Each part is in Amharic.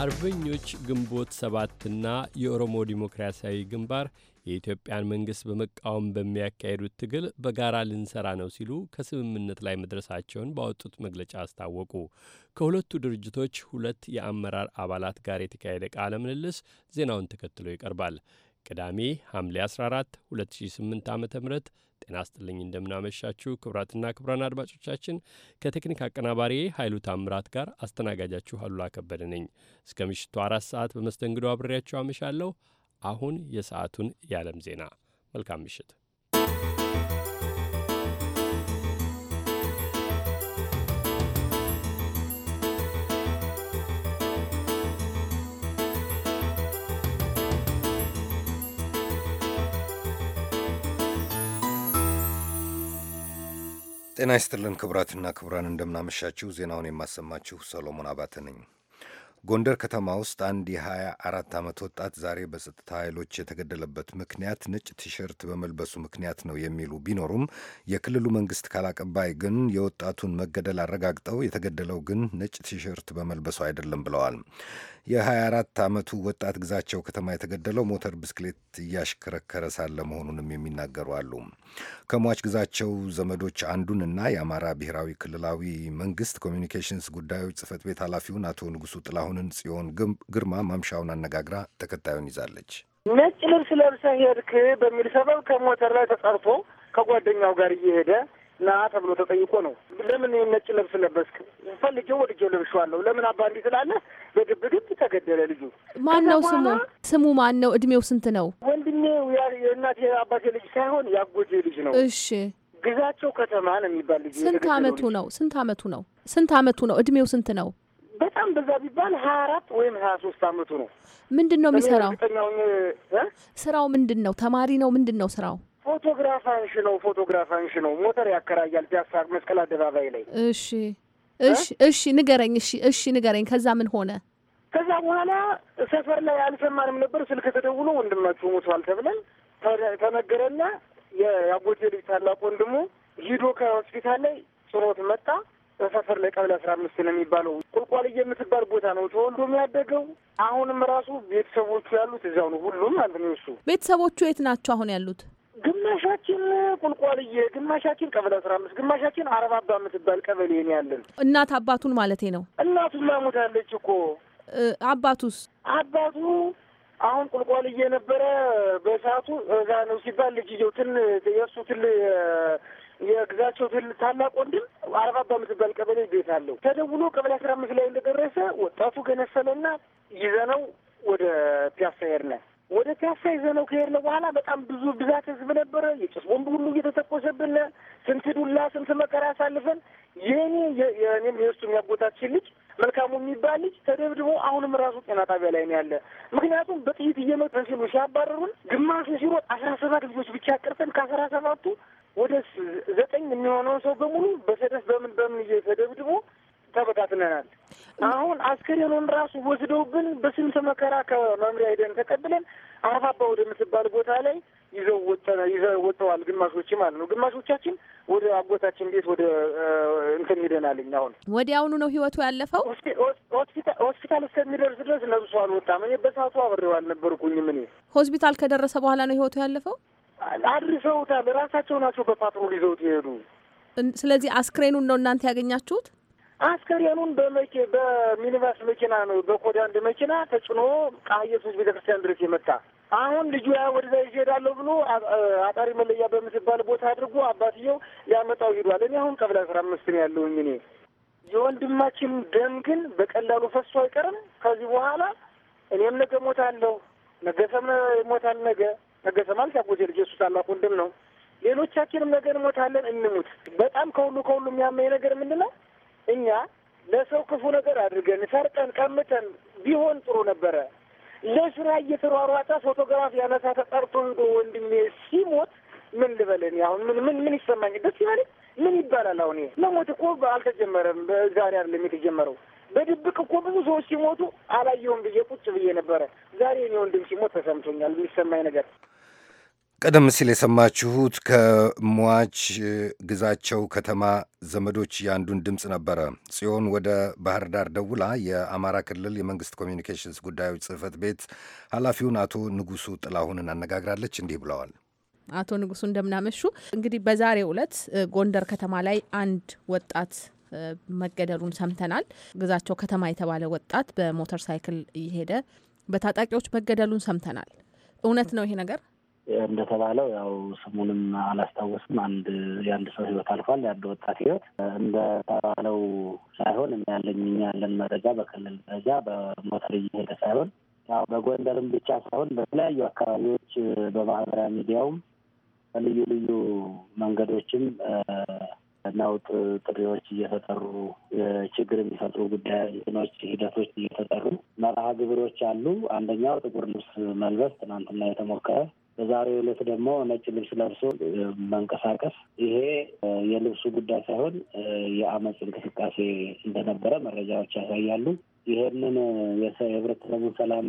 አርበኞች ግንቦት ሰባትና የኦሮሞ ዲሞክራሲያዊ ግንባር የኢትዮጵያን መንግሥት በመቃወም በሚያካሄዱት ትግል በጋራ ልንሰራ ነው ሲሉ ከስምምነት ላይ መድረሳቸውን ባወጡት መግለጫ አስታወቁ። ከሁለቱ ድርጅቶች ሁለት የአመራር አባላት ጋር የተካሄደ ቃለ ምልልስ ዜናውን ተከትሎ ይቀርባል። ቅዳሜ ሐምሌ 14 2008 ዓ ም ጤና ስጥልኝ እንደምናመሻችሁ ክብራትና ክቡራን አድማጮቻችን ከቴክኒክ አቀናባሪ ኃይሉ ታምራት ጋር አስተናጋጃችሁ አሉላ ከበደ ነኝ። እስከ ምሽቱ አራት ሰዓት በመስተንግዶ አብሬያችሁ አመሻለሁ። አሁን የሰዓቱን የዓለም ዜና። መልካም ምሽት። ጤና ይስጥልን ክቡራትና ክቡራን፣ እንደምናመሻችሁ። ዜናውን የማሰማችሁ ሰሎሞን አባተ ነኝ። ጎንደር ከተማ ውስጥ አንድ የ24 ዓመት ወጣት ዛሬ በጸጥታ ኃይሎች የተገደለበት ምክንያት ነጭ ቲሸርት በመልበሱ ምክንያት ነው የሚሉ ቢኖሩም የክልሉ መንግስት ቃል አቀባይ ግን የወጣቱን መገደል አረጋግጠው የተገደለው ግን ነጭ ቲሸርት በመልበሱ አይደለም ብለዋል። የ24 ዓመቱ ወጣት ግዛቸው ከተማ የተገደለው ሞተር ብስክሌት እያሽከረከረ ሳለ መሆኑንም የሚናገሩ አሉ። ከሟች ግዛቸው ዘመዶች አንዱን እና የአማራ ብሔራዊ ክልላዊ መንግስት ኮሚኒኬሽንስ ጉዳዮች ጽህፈት ቤት ኃላፊውን አቶ ንጉሱ ጥላሁን አሁንን ጽዮን ግርማ ማምሻውን አነጋግራ ተከታዩን ይዛለች። ነጭ ልብስ ለብሰ ሄድክ በሚል ሰበብ ከሞተር ላይ ተጠርቶ ከጓደኛው ጋር እየሄደ ና ተብሎ ተጠይቆ ነው። ለምን ይህን ነጭ ልብስ ለበስክ? ፈልጌው ወድጄው ለብሼዋለሁ። ለምን አባ እንዲህ በግብ ግብ ተገደለ። ልጁ ማን ነው? ስሙ ስሙ ማን ነው? እድሜው ስንት ነው? ወንድሜ የእናቴ አባቴ ልጅ ሳይሆን ያጎጄ ልጅ ነው። እሺ ግዛቸው ከተማ ነው የሚባል ልጅ። ስንት አመቱ ነው? ስንት አመቱ ነው? ስንት አመቱ ነው? እድሜው ስንት ነው? በጣም በዛ ቢባል ሀያ አራት ወይም ሀያ ሶስት አመቱ ነው። ምንድን ነው የሚሰራው? ስራው ምንድን ነው? ተማሪ ነው? ምንድን ነው ስራው? ፎቶግራፍ አንሺ ነው። ፎቶግራፍ አንሺ ነው። ሞተር ያከራያል። ፒያሳ መስቀል አደባባይ ላይ። እሺ፣ እሺ፣ እሺ፣ ንገረኝ። እሺ፣ እሺ፣ ንገረኝ። ከዛ ምን ሆነ? ከዛ በኋላ ሰፈር ላይ አልሰማንም ነበር። ስልክ ተደውሎ ወንድማችሁ ሞቷል ተብለን ተነገረና የአጎቴ ልጅ ታላቅ ወንድሙ ሂዶ ከሆስፒታል ላይ ጽኖት መጣ። ሰፈር ላይ ቀበሌ አስራ አምስት ነው የሚባለው ቁልቋል የምትባል ቦታ ነው ተወልዶ የሚያደገው። አሁንም ራሱ ቤተሰቦቹ ያሉት እዚያው ነው። ሁሉም ማለት ነው። እሱ ቤተሰቦቹ የት ናቸው አሁን ያሉት? ግማሻችን ቁልቋልዬ፣ ግማሻችን ቀበሌ አስራ አምስት ግማሻችን አባ የምትባል ቀበሌ ነው ያለን። እናት አባቱን ማለቴ ነው። እናቱማ ሞታለች እኮ። አባቱስ? አባቱ አሁን ቁልቋልዬ ነበረ በሰዓቱ እዛ ነው ሲባል ልጅየው ትን የእሱ ትል የግዛቸው ትል ታላቅ ወንድም አርባ በምትባል ቀበሌ ቤት አለው። ተደውሎ ቀበሌ አስራ አምስት ላይ እንደደረሰ ወጣቱ ገነሰለና ይዘነው ወደ ፒያሳ ሄድነ። ወደ ፒያሳ ይዘነው ከሄድነው በኋላ በጣም ብዙ ብዛት ህዝብ ነበረ። የጭስ ቦምብ ሁሉ እየተተኮሰብን ስንት ዱላ ስንት መከራ አሳልፈን የኔ የእኔም የእሱ የሚያጎታችን ልጅ መልካሙ የሚባል ልጅ ተደብድቦ አሁንም ራሱ ጤና ጣቢያ ላይ ነው ያለ። ምክንያቱም በጥይት እየመቱን ሲሉ ሲያባረሩን፣ ግማሹ ሲሮጥ አስራ ሰባት ልጆች ብቻ ቀርተን ከአስራ ሰባቱ ወደ ዘጠኝ የሚሆነውን ሰው በሙሉ በሰደፍ በምን በምን ተደብድቦ ተበታትነናል። አሁን አስከሬኑን ራሱ ወስደውብን በስንት መከራ ከመምሪያ ሄደን ተቀብለን አርፋባ ወደምትባል ቦታ ላይ ይዘው ወጠ ይዘው ወጥተዋል። ግማሾች ማለት ነው። ግማሾቻችን ወደ አጎታችን ቤት ወደ እንትን ሄደናልኝ። አሁን ወዲያውኑ ነው ህይወቱ ያለፈው። ሆስፒታል እስከሚደርስ ድረስ ነብሱ አልወጣም። እኔ በሰዓቱ አብሬው አልነበርኩኝም። እኔ ሆስፒታል ከደረሰ በኋላ ነው ህይወቱ ያለፈው። አድርሰውታል። ራሳቸው ናቸው በፓትሮል ይዘውት ይሄዱ። ስለዚህ አስክሬኑን ነው እናንተ ያገኛችሁት? አስከሬኑን በመኪ በሚኒባስ መኪና ነው በቆዳ አንድ መኪና ተጭኖ ቃየሱስ ቤተክርስቲያን ድረስ የመጣ አሁን ልጁ ያ ወደዛ ይዤ እሄዳለሁ ብሎ አጣሪ መለያ በምትባል ቦታ አድርጎ አባትየው ያመጣው ሂዷል። እኔ አሁን ቀበሌ አስራ አምስት ነው ያለሁኝ። እኔ የወንድማችን ደም ግን በቀላሉ ፈሶ አይቀርም። ከዚህ በኋላ እኔም ነገ እሞታለሁ፣ ነገሰም ይሞታል። ነገ ነገሰ ማለት ያጎዜ ልጅ እሱ ታላቅ ወንድም ነው። ሌሎቻችንም ነገ እንሞታለን። እንሙት። በጣም ከሁሉ ከሁሉ የሚያመኝ ነገር ምንድን ነው? እኛ ለሰው ክፉ ነገር አድርገን ሰርቀን ቀምተን ቢሆን ጥሩ ነበረ። ለስራ እየተሯሯጠ ፎቶግራፍ ያነሳ ተጠርቶ ሄዶ ወንድሜ ሲሞት ምን ልበል አሁን ምን ምን ምን ይሰማኝ? ደስ ይበል? ምን ይባላል? አሁን ይሄ መሞት እኮ አልተጀመረም፣ ዛሬ አይደለም የተጀመረው። በድብቅ እኮ ብዙ ሰዎች ሲሞቱ አላየሁም ብዬ ቁጭ ብዬ ነበረ። ዛሬ እኔ ወንድም ሲሞት ተሰምቶኛል። የሚሰማኝ ነገር ቀደም ሲል የሰማችሁት ከሟች ግዛቸው ከተማ ዘመዶች የአንዱን ድምፅ ነበረ። ጽዮን ወደ ባህር ዳር ደውላ የአማራ ክልል የመንግስት ኮሚኒኬሽንስ ጉዳዮች ጽህፈት ቤት ኃላፊውን አቶ ንጉሱ ጥላሁንን አነጋግራለች። እንዲህ ብለዋል። አቶ ንጉሱ እንደምናመሹ። እንግዲህ በዛሬ ዕለት ጎንደር ከተማ ላይ አንድ ወጣት መገደሉን ሰምተናል። ግዛቸው ከተማ የተባለ ወጣት በሞተር ሳይክል እየሄደ በታጣቂዎች መገደሉን ሰምተናል። እውነት ነው ይሄ ነገር? እንደተባለው ያው ስሙንም አላስታወስም። አንድ የአንድ ሰው ህይወት አልፏል። የአንድ ወጣት ህይወት እንደተባለው ሳይሆን እኔ ያለኝ ያለን መረጃ በክልል ደረጃ በሞተር እየሄደ ሳይሆን ያው በጎንደርም ብቻ ሳይሆን በተለያዩ አካባቢዎች በማህበራዊ ሚዲያውም በልዩ ልዩ መንገዶችም ነውጥ ጥሪዎች እየተጠሩ ችግር የሚፈጥሩ ጉዳይ ኖች ሂደቶች እየተጠሩ መርሃ ግብሮች አሉ። አንደኛው ጥቁር ልብስ መልበስ ትናንትና የተሞከረ በዛሬ ዕለት ደግሞ ነጭ ልብስ ለብሶ መንቀሳቀስ ይሄ የልብሱ ጉዳይ ሳይሆን የአመፅ እንቅስቃሴ እንደነበረ መረጃዎች ያሳያሉ። ይህንን የህብረተሰቡ ሰላም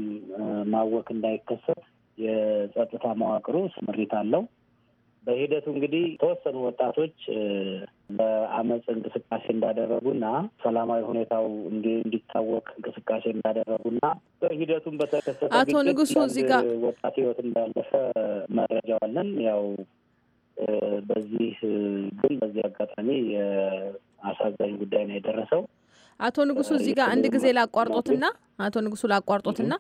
ማወክ እንዳይከሰት የጸጥታ መዋቅሩ ስምሪት አለው። በሂደቱ እንግዲህ ተወሰኑ ወጣቶች በአመፅ እንቅስቃሴ እንዳደረጉና ሰላማዊ ሁኔታው እንዲታወቅ እንቅስቃሴ እንዳደረጉና በሂደቱን በተከሰተ አቶ ንጉሱ እዚህ ጋር ወጣት ህይወት እንዳለፈ መረጃ አለን። ያው በዚህ ግን በዚህ አጋጣሚ የአሳዛኝ ጉዳይ ነው የደረሰው። አቶ ንጉሱ እዚህ ጋር አንድ ጊዜ ላቋርጦትና አቶ ንጉሱ ላቋርጦትና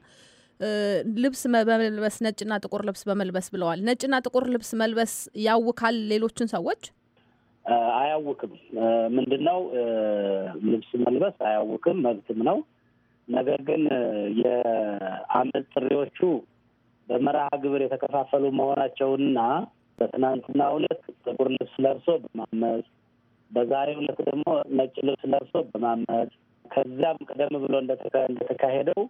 ልብስ በመልበስ ነጭና ጥቁር ልብስ በመልበስ ብለዋል። ነጭና ጥቁር ልብስ መልበስ ያውካል ሌሎችን ሰዎች አያውክም። ምንድን ነው ልብስ መልበስ አያውቅም፣ መብትም ነው። ነገር ግን የአመፅ ጥሪዎቹ በመርሃ ግብር የተከፋፈሉ መሆናቸውንና በትናንትና ዕለት ጥቁር ልብስ ለብሶ በማመፅ በዛሬ ዕለት ደግሞ ነጭ ልብስ ለብሶ በማመፅ ከዚያም ቀደም ብሎ እንደተካሄደው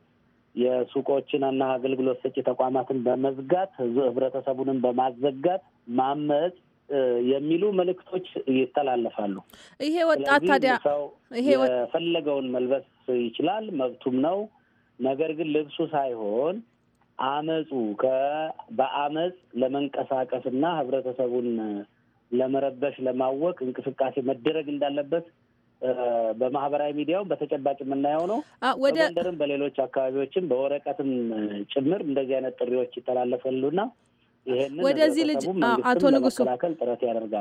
የሱቆችንና አገልግሎት ሰጪ ተቋማትን በመዝጋት ህብረተሰቡንም በማዘጋት ማመፅ የሚሉ መልእክቶች ይተላለፋሉ። ይሄ ወጣት ታዲያ ይሄ የፈለገውን መልበስ ይችላል፣ መብቱም ነው። ነገር ግን ልብሱ ሳይሆን አመፁ በአመፅ ለመንቀሳቀስና ህብረተሰቡን ለመረበሽ ለማወቅ እንቅስቃሴ መደረግ እንዳለበት በማህበራዊ ሚዲያውም በተጨባጭ የምናየው ነው። በጎንደርም በሌሎች አካባቢዎችም በወረቀትም ጭምር እንደዚህ አይነት ጥሪዎች ይተላለፋሉና ወደዚህ ልጅ አቶ ንጉሱ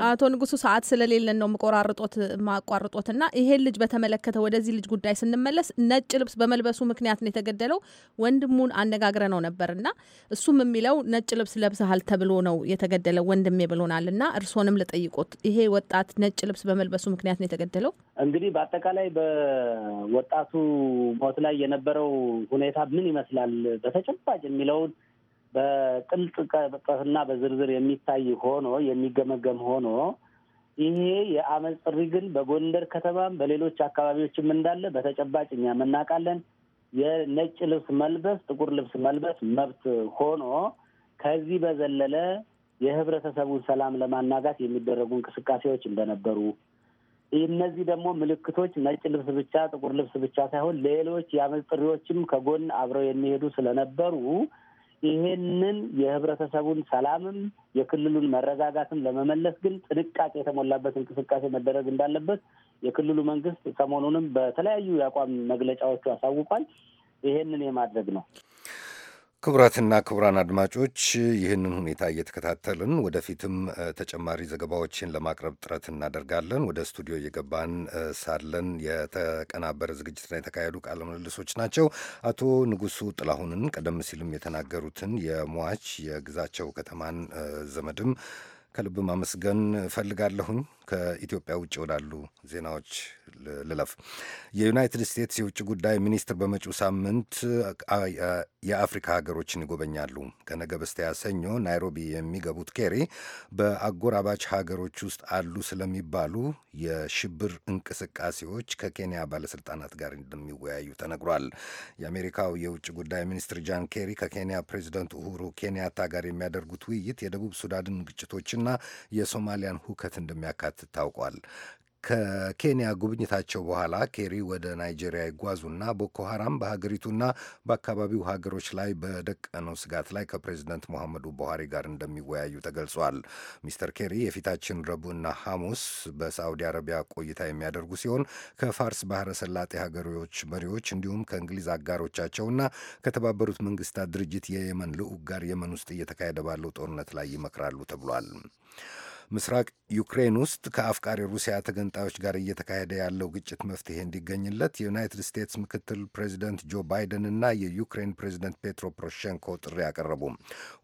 አቶ ንጉሱ ሰዓት ስለሌለን ነው የምቆራርጦት ማቋርጦት እና ይሄን ልጅ በተመለከተ ወደዚህ ልጅ ጉዳይ ስንመለስ ነጭ ልብስ በመልበሱ ምክንያት ነው የተገደለው። ወንድሙን አነጋግረ ነው ነበር እና እሱም የሚለው ነጭ ልብስ ለብሰሃል ተብሎ ነው የተገደለው ወንድሜ ብሎናል። እና እርስዎንም ልጠይቆት ይሄ ወጣት ነጭ ልብስ በመልበሱ ምክንያት ነው የተገደለው። እንግዲህ በአጠቃላይ በወጣቱ ሞት ላይ የነበረው ሁኔታ ምን ይመስላል በተጨባጭ የሚለውን በጥልቀትና በዝርዝር የሚታይ ሆኖ የሚገመገም ሆኖ ይሄ የአመፅ ጥሪ ግን በጎንደር ከተማም በሌሎች አካባቢዎችም እንዳለ በተጨባጭ እኛም እናውቃለን። የነጭ ልብስ መልበስ፣ ጥቁር ልብስ መልበስ መብት ሆኖ ከዚህ በዘለለ የህብረተሰቡን ሰላም ለማናጋት የሚደረጉ እንቅስቃሴዎች እንደነበሩ እነዚህ ደግሞ ምልክቶች ነጭ ልብስ ብቻ ጥቁር ልብስ ብቻ ሳይሆን ሌሎች የአመፅ ጥሪዎችም ከጎን አብረው የሚሄዱ ስለነበሩ ይህንን የህብረተሰቡን ሰላምም የክልሉን መረጋጋትም ለመመለስ ግን ጥንቃቄ የተሞላበት እንቅስቃሴ መደረግ እንዳለበት የክልሉ መንግስት ሰሞኑንም በተለያዩ የአቋም መግለጫዎቹ አሳውቋል። ይሄንን የማድረግ ነው። ክቡራትና ክቡራን አድማጮች ይህንን ሁኔታ እየተከታተልን ወደፊትም ተጨማሪ ዘገባዎችን ለማቅረብ ጥረት እናደርጋለን። ወደ ስቱዲዮ እየገባን ሳለን የተቀናበረ ዝግጅት የተካሄዱ ቃለ ምልልሶች ናቸው። አቶ ንጉሱ ጥላሁንን ቀደም ሲልም የተናገሩትን የሟች የግዛቸው ከተማን ዘመድም ከልብ ማመስገን እፈልጋለሁኝ። ከኢትዮጵያ ውጭ ወዳሉ ዜናዎች ልለፍ። የዩናይትድ ስቴትስ የውጭ ጉዳይ ሚኒስትር በመጪው ሳምንት የአፍሪካ ሀገሮችን ይጎበኛሉ። ከነገ በስቲያ ሰኞ ናይሮቢ የሚገቡት ኬሪ በአጎራባች ሀገሮች ውስጥ አሉ ስለሚባሉ የሽብር እንቅስቃሴዎች ከኬንያ ባለስልጣናት ጋር እንደሚወያዩ ተነግሯል። የአሜሪካው የውጭ ጉዳይ ሚኒስትር ጃን ኬሪ ከኬንያ ፕሬዚደንት ኡሁሩ ኬንያታ ጋር የሚያደርጉት ውይይት የደቡብ ሱዳንን ግጭቶችና የሶማሊያን ሁከት እንደሚያካትት ታውቋል። ከኬንያ ጉብኝታቸው በኋላ ኬሪ ወደ ናይጄሪያ ይጓዙና ቦኮ ሐራም በሀገሪቱና በአካባቢው ሀገሮች ላይ በደቀነው ስጋት ላይ ከፕሬዚደንት ሙሐመዱ ቡሃሪ ጋር እንደሚወያዩ ተገልጿል። ሚስተር ኬሪ የፊታችን ረቡዕና ሐሙስ በሳዑዲ አረቢያ ቆይታ የሚያደርጉ ሲሆን ከፋርስ ባህረ ሰላጤ ሀገሮች መሪዎች እንዲሁም ከእንግሊዝ አጋሮቻቸውና ከተባበሩት መንግስታት ድርጅት የየመን ልዑክ ጋር የመን ውስጥ እየተካሄደ ባለው ጦርነት ላይ ይመክራሉ ተብሏል። ምስራቅ ዩክሬን ውስጥ ከአፍቃሪ ሩሲያ ተገንጣዮች ጋር እየተካሄደ ያለው ግጭት መፍትሄ እንዲገኝለት የዩናይትድ ስቴትስ ምክትል ፕሬዚደንት ጆ ባይደን እና የዩክሬን ፕሬዚደንት ፔትሮ ፖሮሼንኮ ጥሪ አቀረቡ።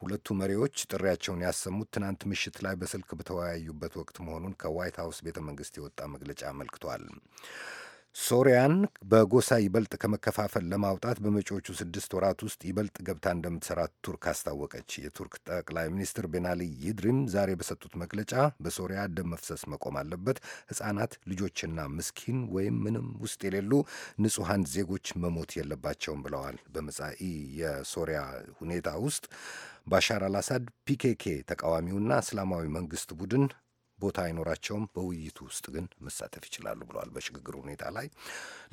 ሁለቱ መሪዎች ጥሪያቸውን ያሰሙት ትናንት ምሽት ላይ በስልክ በተወያዩበት ወቅት መሆኑን ከዋይት ሀውስ ቤተ መንግስት የወጣ መግለጫ አመልክቷል። ሶሪያን በጎሳ ይበልጥ ከመከፋፈል ለማውጣት በመጪዎቹ ስድስት ወራት ውስጥ ይበልጥ ገብታ እንደምትሰራ ቱርክ አስታወቀች። የቱርክ ጠቅላይ ሚኒስትር ቤናሊ ይድሪም ዛሬ በሰጡት መግለጫ በሶሪያ ደም መፍሰስ መቆም አለበት፣ ሕፃናት ልጆችና ምስኪን ወይም ምንም ውስጥ የሌሉ ንጹሐን ዜጎች መሞት የለባቸውም ብለዋል። በመጻኢ የሶሪያ ሁኔታ ውስጥ ባሻር አልአሳድ ፒኬኬ ተቃዋሚውና እስላማዊ መንግስት ቡድን ቦታ አይኖራቸውም። በውይይቱ ውስጥ ግን መሳተፍ ይችላሉ ብለዋል። በሽግግር ሁኔታ ላይ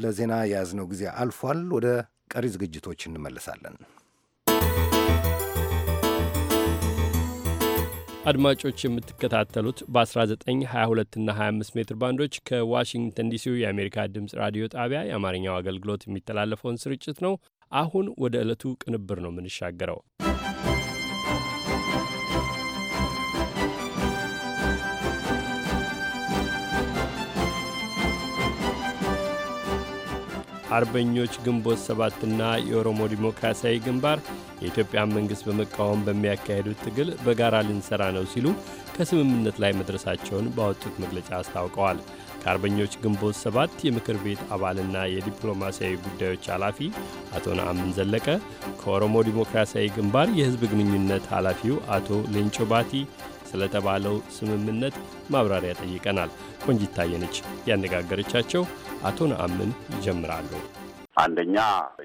ለዜና የያዝነው ጊዜ አልፏል። ወደ ቀሪ ዝግጅቶች እንመለሳለን። አድማጮች የምትከታተሉት በ1922 እና 25 ሜትር ባንዶች ከዋሽንግተን ዲሲው የአሜሪካ ድምፅ ራዲዮ ጣቢያ የአማርኛው አገልግሎት የሚተላለፈውን ስርጭት ነው። አሁን ወደ ዕለቱ ቅንብር ነው የምንሻገረው። አርበኞች ግንቦት ሰባትና የኦሮሞ ዲሞክራሲያዊ ግንባር የኢትዮጵያ መንግሥት በመቃወም በሚያካሄዱት ትግል በጋራ ልንሰራ ነው ሲሉ ከስምምነት ላይ መድረሳቸውን ባወጡት መግለጫ አስታውቀዋል። ከአርበኞች ግንቦት ሰባት የምክር ቤት አባልና የዲፕሎማሲያዊ ጉዳዮች ኃላፊ አቶ ነአምን ዘለቀ፣ ከኦሮሞ ዲሞክራሲያዊ ግንባር የሕዝብ ግንኙነት ኃላፊው አቶ ሌንጮ ባቲ ስለተባለው ስምምነት ማብራሪያ ጠይቀናል። ቆንጅታየነች ያነጋገረቻቸው አቶ ነአምን ይጀምራሉ። አንደኛ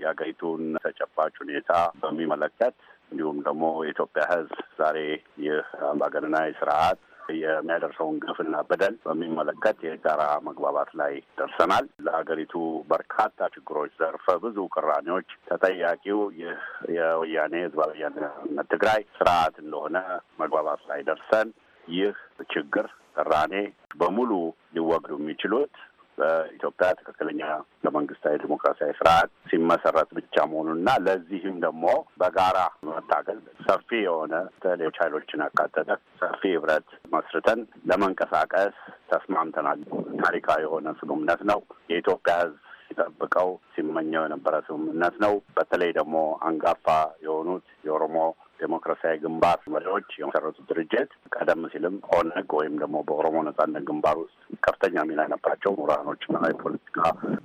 የአገሪቱን ተጨባጭ ሁኔታ በሚመለከት እንዲሁም ደግሞ የኢትዮጵያ ሕዝብ ዛሬ ይህ አምባገነናዊ ስርዓት የሚያደርሰውን ግፍና በደል በሚመለከት የጋራ መግባባት ላይ ደርሰናል። ለሀገሪቱ በርካታ ችግሮች፣ ዘርፈ ብዙ ቅራኔዎች ተጠያቂው ይህ የወያኔ ህዝባዊ ወያነ ትግራይ ስርዓት እንደሆነ መግባባት ላይ ደርሰን ይህ ችግር ቅራኔ በሙሉ ሊወግዱ የሚችሉት በኢትዮጵያ ትክክለኛ ለመንግስታዊ ዲሞክራሲያዊ ስርዓት ሲመሰረት ብቻ መሆኑና ለዚህም ደግሞ በጋራ መታገል ሰፊ የሆነ ሌሎች ኃይሎችን ያካተተ ሰፊ ህብረት መስርተን ለመንቀሳቀስ ተስማምተናል። ታሪካዊ የሆነ ስምምነት ነው። የኢትዮጵያ ህዝብ ሲጠብቀው ሲመኘው የነበረ ስምምነት ነው። በተለይ ደግሞ አንጋፋ የሆኑት የኦሮሞ ዴሞክራሲያዊ ግንባር መሪዎች የመሰረቱት ድርጅት ቀደም ሲልም ኦነግ ወይም ደግሞ በኦሮሞ ነጻነት ግንባር ውስጥ ከፍተኛ ሚና የነበራቸው ምሁራኖችና የፖለቲካ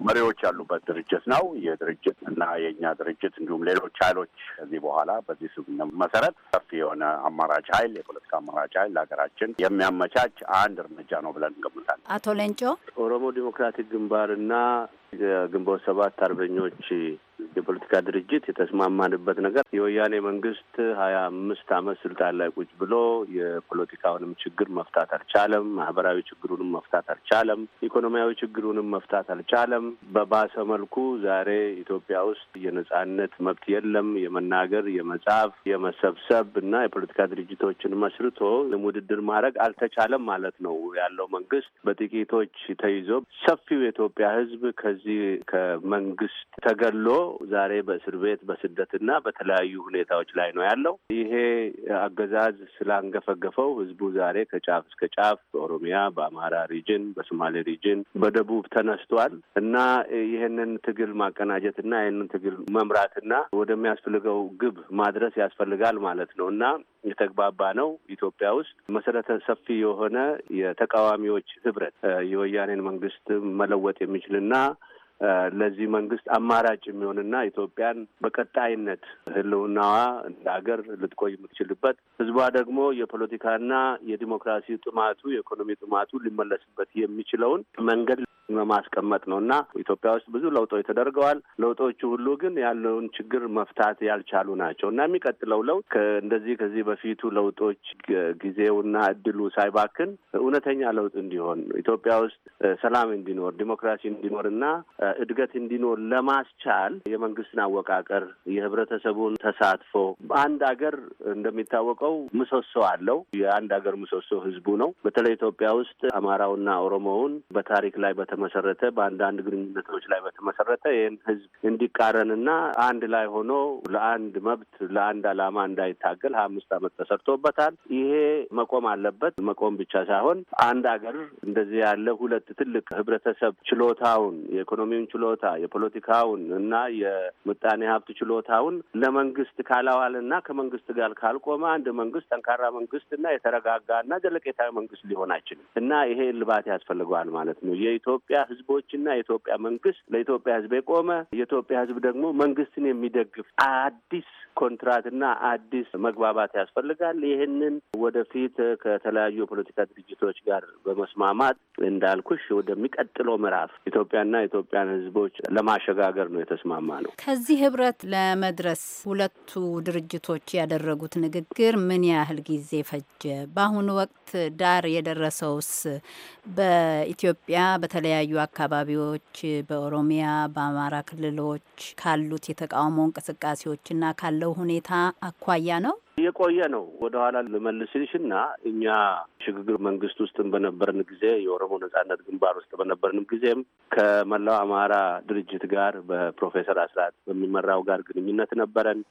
መሪዎች ያሉበት ድርጅት ነው። ይህ ድርጅት እና የእኛ ድርጅት እንዲሁም ሌሎች ኃይሎች ከዚህ በኋላ በዚህ ስምምነት መሰረት ሰፊ የሆነ አማራጭ ኃይል የፖለቲካ አማራጭ ኃይል ለሀገራችን የሚያመቻች አንድ እርምጃ ነው ብለን እንገምታለን። አቶ ሌንጮ ኦሮሞ ዴሞክራቲክ ግንባርና የግንቦት ሰባት አርበኞች የፖለቲካ ድርጅት የተስማማንበት ነገር የወያኔ መንግስት ሀያ አምስት አመት ስልጣን ላይ ቁጭ ብሎ የፖለቲካውንም ችግር መፍታት አልቻለም። ማህበራዊ ችግሩንም መፍታት አልቻለም። ኢኮኖሚያዊ ችግሩንም መፍታት አልቻለም። በባሰ መልኩ ዛሬ ኢትዮጵያ ውስጥ የነጻነት መብት የለም። የመናገር፣ የመጻፍ፣ የመሰብሰብ እና የፖለቲካ ድርጅቶችን መስርቶ ውድድር ማድረግ አልተቻለም ማለት ነው። ያለው መንግስት በጥቂቶች ተይዞ ሰፊው የኢትዮጵያ ህዝብ ከዚህ ከዚህ ከመንግስት ተገሎ ዛሬ በእስር ቤት በስደትና በተለያዩ ሁኔታዎች ላይ ነው ያለው። ይሄ አገዛዝ ስላንገፈገፈው ህዝቡ ዛሬ ከጫፍ እስከ ጫፍ በኦሮሚያ፣ በአማራ ሪጅን፣ በሶማሌ ሪጅን፣ በደቡብ ተነስቷል እና ይህንን ትግል ማቀናጀትና ይህንን ትግል መምራትና ወደሚያስፈልገው ግብ ማድረስ ያስፈልጋል ማለት ነው እና የተግባባ ነው። ኢትዮጵያ ውስጥ መሰረተ ሰፊ የሆነ የተቃዋሚዎች ህብረት የወያኔን መንግስት መለወጥ የሚችልና ለዚህ መንግስት አማራጭ የሚሆንና ኢትዮጵያን በቀጣይነት ህልውናዋ እንደ ሀገር ልትቆይ የምትችልበት ህዝቧ ደግሞ የፖለቲካና የዲሞክራሲ ጥማቱ የኢኮኖሚ ጥማቱ ሊመለስበት የሚችለውን መንገድ ማስቀመጥ ነው እና ኢትዮጵያ ውስጥ ብዙ ለውጦች ተደርገዋል። ለውጦቹ ሁሉ ግን ያለውን ችግር መፍታት ያልቻሉ ናቸው እና የሚቀጥለው ለውጥ እንደዚህ ከዚህ በፊቱ ለውጦች ጊዜውና እድሉ ሳይባክን እውነተኛ ለውጥ እንዲሆን ኢትዮጵያ ውስጥ ሰላም እንዲኖር ዲሞክራሲ እንዲኖር እና እድገት እንዲኖር ለማስቻል የመንግስትን አወቃቀር፣ የህብረተሰቡን ተሳትፎ አንድ ሀገር እንደሚታወቀው ምሰሶ አለው። የአንድ ሀገር ምሰሶ ህዝቡ ነው። በተለይ ኢትዮጵያ ውስጥ አማራውና ኦሮሞውን በታሪክ ላይ በተመሰረተ በአንዳንድ ግንኙነቶች ላይ በተመሰረተ ይህን ህዝብ እንዲቃረንና አንድ ላይ ሆኖ ለአንድ መብት ለአንድ አላማ እንዳይታገል ሀያ አምስት ዓመት ተሰርቶበታል። ይሄ መቆም አለበት። መቆም ብቻ ሳይሆን አንድ ሀገር እንደዚህ ያለ ሁለት ትልቅ ህብረተሰብ ችሎታውን የኢኮኖሚ የኢኮኖሚውን ችሎታ የፖለቲካውን እና የምጣኔ ሀብት ችሎታውን ለመንግስት ካላዋልና ከመንግስት ጋር ካልቆመ አንድ መንግስት ጠንካራ መንግስት እና የተረጋጋ እና ዘለቄታዊ መንግስት ሊሆን አይችልም እና ይሄ እልባት ያስፈልገዋል ማለት ነው። የኢትዮጵያ ህዝቦችና የኢትዮጵያ መንግስት ለኢትዮጵያ ህዝብ የቆመ የኢትዮጵያ ህዝብ ደግሞ መንግስትን የሚደግፍ አዲስ ኮንትራትና አዲስ መግባባት ያስፈልጋል። ይህንን ወደፊት ከተለያዩ የፖለቲካ ድርጅቶች ጋር በመስማማት እንዳልኩሽ ወደሚቀጥለው ምዕራፍ ኢትዮጵያና ኢትዮጵያ የኢትዮጵያን ህዝቦች ለማሸጋገር ነው የተስማማ ነው። ከዚህ ህብረት ለመድረስ ሁለቱ ድርጅቶች ያደረጉት ንግግር ምን ያህል ጊዜ ፈጀ? በአሁኑ ወቅት ዳር የደረሰውስ በኢትዮጵያ በተለያዩ አካባቢዎች በኦሮሚያ፣ በአማራ ክልሎች ካሉት የተቃውሞ እንቅስቃሴዎችና ካለው ሁኔታ አኳያ ነው። የቆየ ነው። ወደኋላ ልመልስሽ እና እኛ ሽግግር መንግስት ውስጥም በነበርን ጊዜ የኦሮሞ ነጻነት ግንባር ውስጥ በነበርንም ጊዜም ከመላው አማራ ድርጅት ጋር በፕሮፌሰር አስራት በሚመራው ጋር ግንኙነት ነበረን።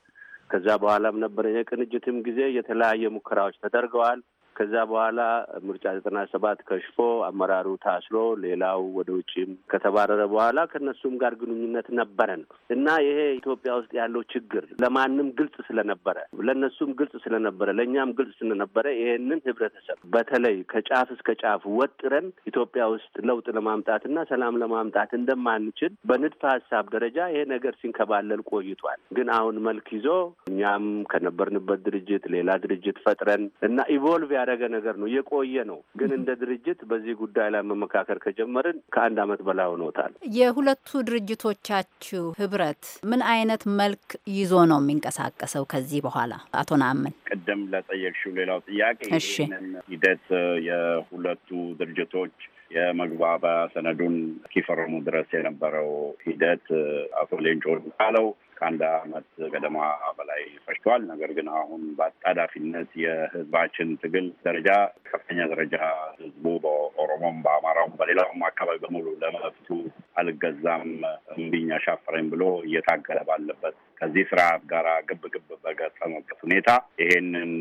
ከዛ በኋላም ነበረ የቅንጅትም ጊዜ የተለያየ ሙከራዎች ተደርገዋል። ከዛ በኋላ ምርጫ ዘጠና ሰባት ከሽፎ አመራሩ ታስሮ ሌላው ወደ ውጭም ከተባረረ በኋላ ከነሱም ጋር ግንኙነት ነበረን እና ይሄ ኢትዮጵያ ውስጥ ያለው ችግር ለማንም ግልጽ ስለነበረ፣ ለእነሱም ግልጽ ስለነበረ፣ ለእኛም ግልጽ ስለነበረ ይሄንን ህብረተሰብ በተለይ ከጫፍ እስከ ጫፍ ወጥረን ኢትዮጵያ ውስጥ ለውጥ ለማምጣትና ሰላም ለማምጣት እንደማንችል በንድፈ ሀሳብ ደረጃ ይሄ ነገር ሲንከባለል ቆይቷል። ግን አሁን መልክ ይዞ እኛም ከነበርንበት ድርጅት ሌላ ድርጅት ፈጥረን እና ኢቮልቭ ያደረገ ነገር ነው፣ የቆየ ነው። ግን እንደ ድርጅት በዚህ ጉዳይ ላይ መመካከር ከጀመርን ከአንድ አመት በላይ ሆኖታል። የሁለቱ ድርጅቶቻችሁ ህብረት ምን አይነት መልክ ይዞ ነው የሚንቀሳቀሰው ከዚህ በኋላ? አቶ ናምን ቅድም ለጠየቅሽው ሌላው ጥያቄ ሂደት የሁለቱ ድርጅቶች የመግባቢያ ሰነዱን እስኪፈርሙ ድረስ የነበረው ሂደት አቶ ሌንጮ እንዳለው ከአንድ አመት ገደማ በላይ ፈጅቷል። ነገር ግን አሁን በአጣዳፊነት የህዝባችን ትግል ደረጃ ከፍተኛ ደረጃ ህዝቡ በኦሮሞም፣ በአማራውም፣ በሌላውም አካባቢ በሙሉ ለመብቱ አልገዛም እምቢኝ አሻፈረኝ ብሎ እየታገለ ባለበት ከዚህ ስርዓት ጋር ግብ ግብ በገጠመበት ሁኔታ ይሄንን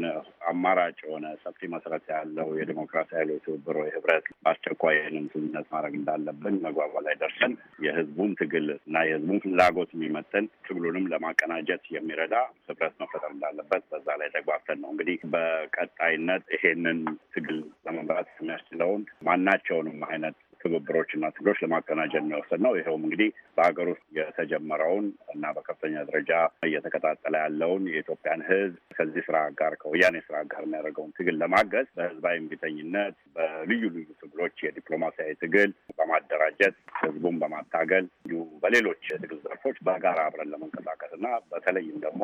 አማራጭ የሆነ ሰፊ መሰረት ያለው የዲሞክራሲ ኃይሎች ትብብር ህብረት በአስቸኳይ ይህንን ስምምነት ማድረግ እንዳለብን መግባባት ላይ ደርሰን የህዝቡን ትግል እና የህዝቡን ፍላጎት የሚመጥን ትግሉንም ለማቀናጀት የሚረዳ ህብረት መፈጠር እንዳለበት በዛ ላይ ተግባብተን ነው እንግዲህ በቀጣይነት ይሄንን ትግል ለመምራት የሚያስችለውን ማናቸውንም አይነት ትብብሮችና ትግሎች ለማቀናጀት የሚወሰድ ነው። ይኸውም እንግዲህ በሀገር ውስጥ የተጀመረውን እና በከፍተኛ ደረጃ እየተቀጣጠለ ያለውን የኢትዮጵያን ሕዝብ ከዚህ ስራ ጋር ከወያኔ ስራ ጋር የሚያደርገውን ትግል ለማገዝ በህዝባዊ እምቢተኝነት በልዩ ልዩ ትግሎች የዲፕሎማሲያዊ ትግል በማደራጀት ህዝቡን በማታገል እንዲሁ በሌሎች የትግል ዘርፎች በጋራ አብረን ለመንቀሳቀስ እና በተለይም ደግሞ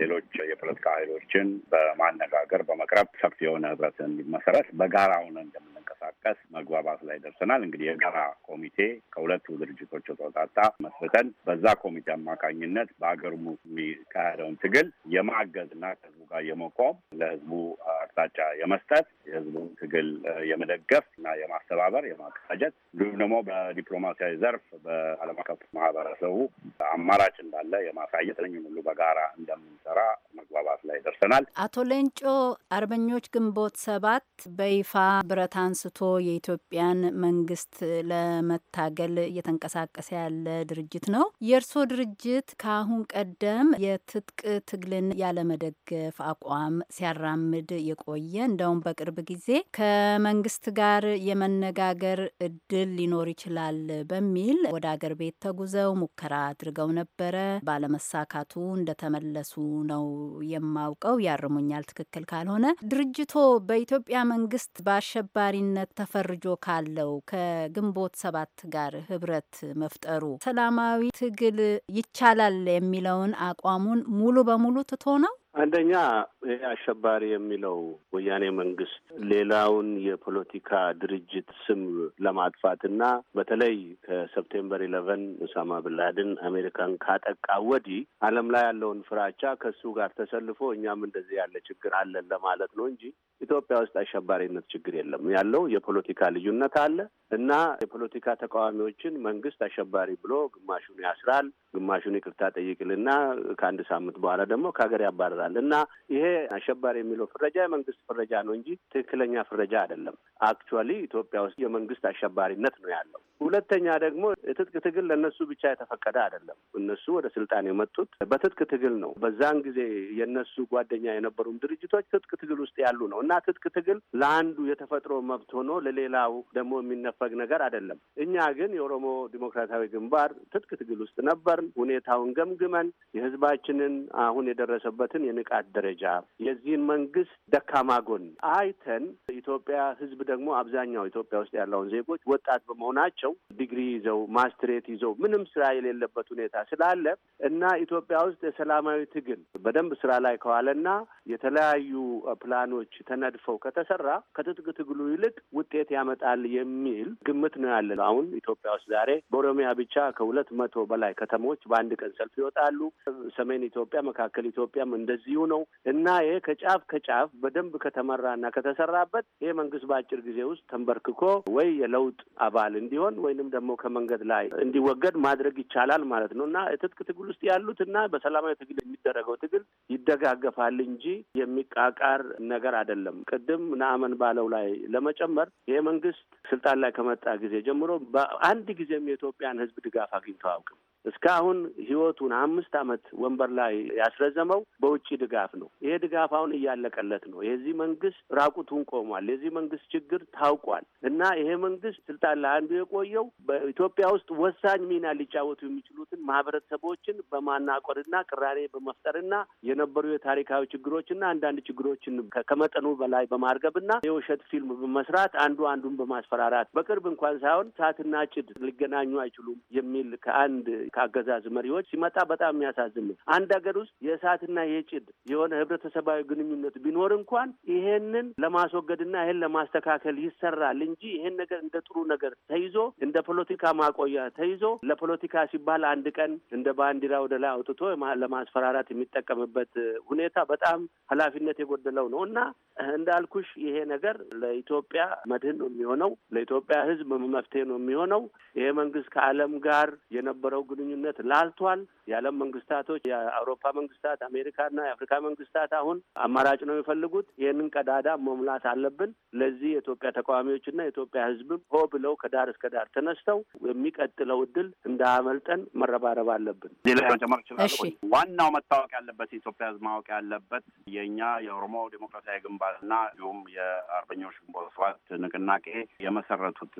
ሌሎች የፖለቲካ ኃይሎችን በማነጋገር በመቅረብ ሰፊ የሆነ ህብረት እንዲመሰረት በጋራ ሆነ እንደምንንቀሳቀስ መግባባት ላይ ደርሰናል። እንግዲህ የጋራ ኮሚቴ ከሁለቱ ድርጅቶች የተወጣጣ መስርተን በዛ ኮሚቴ አማካኝነት በሀገር የሚካሄደውን ትግል የማገዝና ከህዝቡ ጋር የመቆም ለህዝቡ አቅጣጫ የመስጠት የህዝቡን ትግል የመደገፍ እና የማስተባበር የማቀጃጀት እንዲሁም ደግሞ በዲፕሎማሲያዊ ዘርፍ በዓለም አቀፍ ማህበረሰቡ አማራጭ እንዳለ የማሳየት ሁሉ በጋራ እንደምንሰራ መግባባት ላይ ደርሰናል። አቶ ሌንጮ፣ አርበኞች ግንቦት ሰባት በይፋ ብረት አንስቶ የኢትዮጵያን መንግስት ለመታገል እየተንቀሳቀሰ ያለ ድርጅት ነው። የእርስዎ ድርጅት ከአሁን ቀደም የትጥቅ ትግልን ያለመደገፍ አቋም ሲያራምድ የቆየ እንደውም በቅርብ ጊዜ ከመንግስት ጋር የመነጋገር እድል ሊኖር ይችላል በሚል ወደ አገር ቤት ተጉዘው ሙከራ አድርገው ነበረ። ባለመሳካቱ እንደተመለሱ ነው የማውቀው ያርሙኛል፣ ትክክል ካልሆነ ድርጅቶ በኢትዮጵያ መንግስት በአሸባሪነት ተፈርጆ ካለው ከግንቦት ሰባት ጋር ህብረት መፍጠሩ ሰላማዊ ትግል ይቻላል የሚለውን አቋሙን ሙሉ በሙሉ ትቶ ነው አንደኛ ይህ አሸባሪ የሚለው ወያኔ መንግስት ሌላውን የፖለቲካ ድርጅት ስም እና በተለይ ከሰፕቴምበር ኢለቨን ኡሳማ ብንላደን አሜሪካን ካጠቃ ወዲህ ዓለም ላይ ያለውን ፍራቻ ከሱ ጋር ተሰልፎ እኛም እንደዚህ ያለ ችግር አለን ለማለት ነው እንጂ ኢትዮጵያ ውስጥ አሸባሪነት ችግር የለም። ያለው የፖለቲካ ልዩነት አለ እና የፖለቲካ ተቃዋሚዎችን መንግስት አሸባሪ ብሎ ግማሹን ያስራል፣ ግማሹን ይቅርታ ጠይቅልና ከአንድ ሳምንት በኋላ ደግሞ ከሀገር ያባረራል እና ይሄ አሸባሪ የሚለው ፍረጃ የመንግስት ፍረጃ ነው እንጂ ትክክለኛ ፍረጃ አይደለም። አክቹዋሊ ኢትዮጵያ ውስጥ የመንግስት አሸባሪነት ነው ያለው። ሁለተኛ ደግሞ ትጥቅ ትግል ለእነሱ ብቻ የተፈቀደ አይደለም። እነሱ ወደ ስልጣን የመጡት በትጥቅ ትግል ነው። በዛን ጊዜ የእነሱ ጓደኛ የነበሩም ድርጅቶች ትጥቅ ትግል ውስጥ ያሉ ነው እና ትጥቅ ትግል ለአንዱ የተፈጥሮ መብት ሆኖ ለሌላው ደግሞ የሚነፈግ ነገር አይደለም። እኛ ግን የኦሮሞ ዲሞክራሲያዊ ግንባር ትጥቅ ትግል ውስጥ ነበር። አድርገን ሁኔታውን ገምግመን የህዝባችንን አሁን የደረሰበትን የንቃት ደረጃ የዚህን መንግስት ደካማ ጎን አይተን ኢትዮጵያ ህዝብ ደግሞ አብዛኛው ኢትዮጵያ ውስጥ ያለውን ዜጎች ወጣት በመሆናቸው ዲግሪ ይዘው ማስትሬት ይዘው ምንም ስራ የሌለበት ሁኔታ ስላለ እና ኢትዮጵያ ውስጥ የሰላማዊ ትግል በደንብ ስራ ላይ ከዋለና የተለያዩ ፕላኖች ተነድፈው ከተሰራ ከትጥቅ ትግሉ ይልቅ ውጤት ያመጣል የሚል ግምት ነው ያለ። አሁን ኢትዮጵያ ውስጥ ዛሬ በኦሮሚያ ብቻ ከሁለት መቶ በላይ ከተሞች ሰዎች በአንድ ቀን ሰልፍ ይወጣሉ። ሰሜን ኢትዮጵያ፣ መካከል ኢትዮጵያም እንደዚሁ ነው እና ይሄ ከጫፍ ከጫፍ በደንብ ከተመራና ከተሰራበት ይሄ መንግስት በአጭር ጊዜ ውስጥ ተንበርክኮ ወይ የለውጥ አባል እንዲሆን ወይንም ደግሞ ከመንገድ ላይ እንዲወገድ ማድረግ ይቻላል ማለት ነው እና የትጥቅ ትግል ውስጥ ያሉት እና በሰላማዊ ትግል የሚደረገው ትግል ይደጋገፋል እንጂ የሚቃቃር ነገር አይደለም። ቅድም ነአመን ባለው ላይ ለመጨመር ይሄ መንግስት ስልጣን ላይ ከመጣ ጊዜ ጀምሮ በአንድ ጊዜም የኢትዮጵያን ህዝብ ድጋፍ አግኝተው አያውቅም። እስከ አሁን ህይወቱን አምስት ዓመት ወንበር ላይ ያስረዘመው በውጭ ድጋፍ ነው። ይሄ ድጋፍ አሁን እያለቀለት ነው። የዚህ መንግስት ራቁቱን ቆሟል። የዚህ መንግስት ችግር ታውቋል እና ይሄ መንግስት ስልጣን ላይ አንዱ የቆየው በኢትዮጵያ ውስጥ ወሳኝ ሚና ሊጫወቱ የሚችሉትን ማህበረሰቦችን በማናቆርና ቅራኔ በመፍጠርና የነበሩ የታሪካዊ ችግሮችና አንዳንድ ችግሮችን ከመጠኑ በላይ በማርገብና የውሸት ፊልም በመስራት አንዱ አንዱን በማስፈራራት በቅርብ እንኳን ሳይሆን እሳትና ጭድ ሊገናኙ አይችሉም የሚል ከአንድ ከአገ አገዛዝ መሪዎች ሲመጣ በጣም የሚያሳዝን ነው። አንድ ሀገር ውስጥ የእሳትና የጭድ የሆነ ህብረተሰባዊ ግንኙነት ቢኖር እንኳን ይሄንን ለማስወገድና ይሄን ለማስተካከል ይሰራል እንጂ ይሄን ነገር እንደ ጥሩ ነገር ተይዞ እንደ ፖለቲካ ማቆያ ተይዞ ለፖለቲካ ሲባል አንድ ቀን እንደ ባንዲራ ወደ ላይ አውጥቶ ለማስፈራራት የሚጠቀምበት ሁኔታ በጣም ኃላፊነት የጎደለው ነው እና እንዳልኩሽ ይሄ ነገር ለኢትዮጵያ መድህን ነው የሚሆነው፣ ለኢትዮጵያ ህዝብ መፍትሄ ነው የሚሆነው። ይሄ መንግስት ከዓለም ጋር የነበረው ግንኙነት አለበት ላልቷል። የዓለም መንግስታቶች፣ የአውሮፓ መንግስታት፣ አሜሪካና የአፍሪካ መንግስታት አሁን አማራጭ ነው የሚፈልጉት። ይህንን ቀዳዳ መሙላት አለብን። ለዚህ የኢትዮጵያ ተቃዋሚዎችና የኢትዮጵያ ህዝብም ሆ ብለው ከዳር እስከ ዳር ተነስተው የሚቀጥለው እድል እንዳያመልጠን መረባረብ አለብን። ሌላ መጨመር እችላለሁ። ዋናው መታወቅ ያለበት የኢትዮጵያ ህዝብ ማወቅ ያለበት የእኛ የኦሮሞ ዴሞክራሲያዊ ግንባርና እንዲሁም የአርበኞች ግንቦት ሰባት ንቅናቄ የመሰረቱት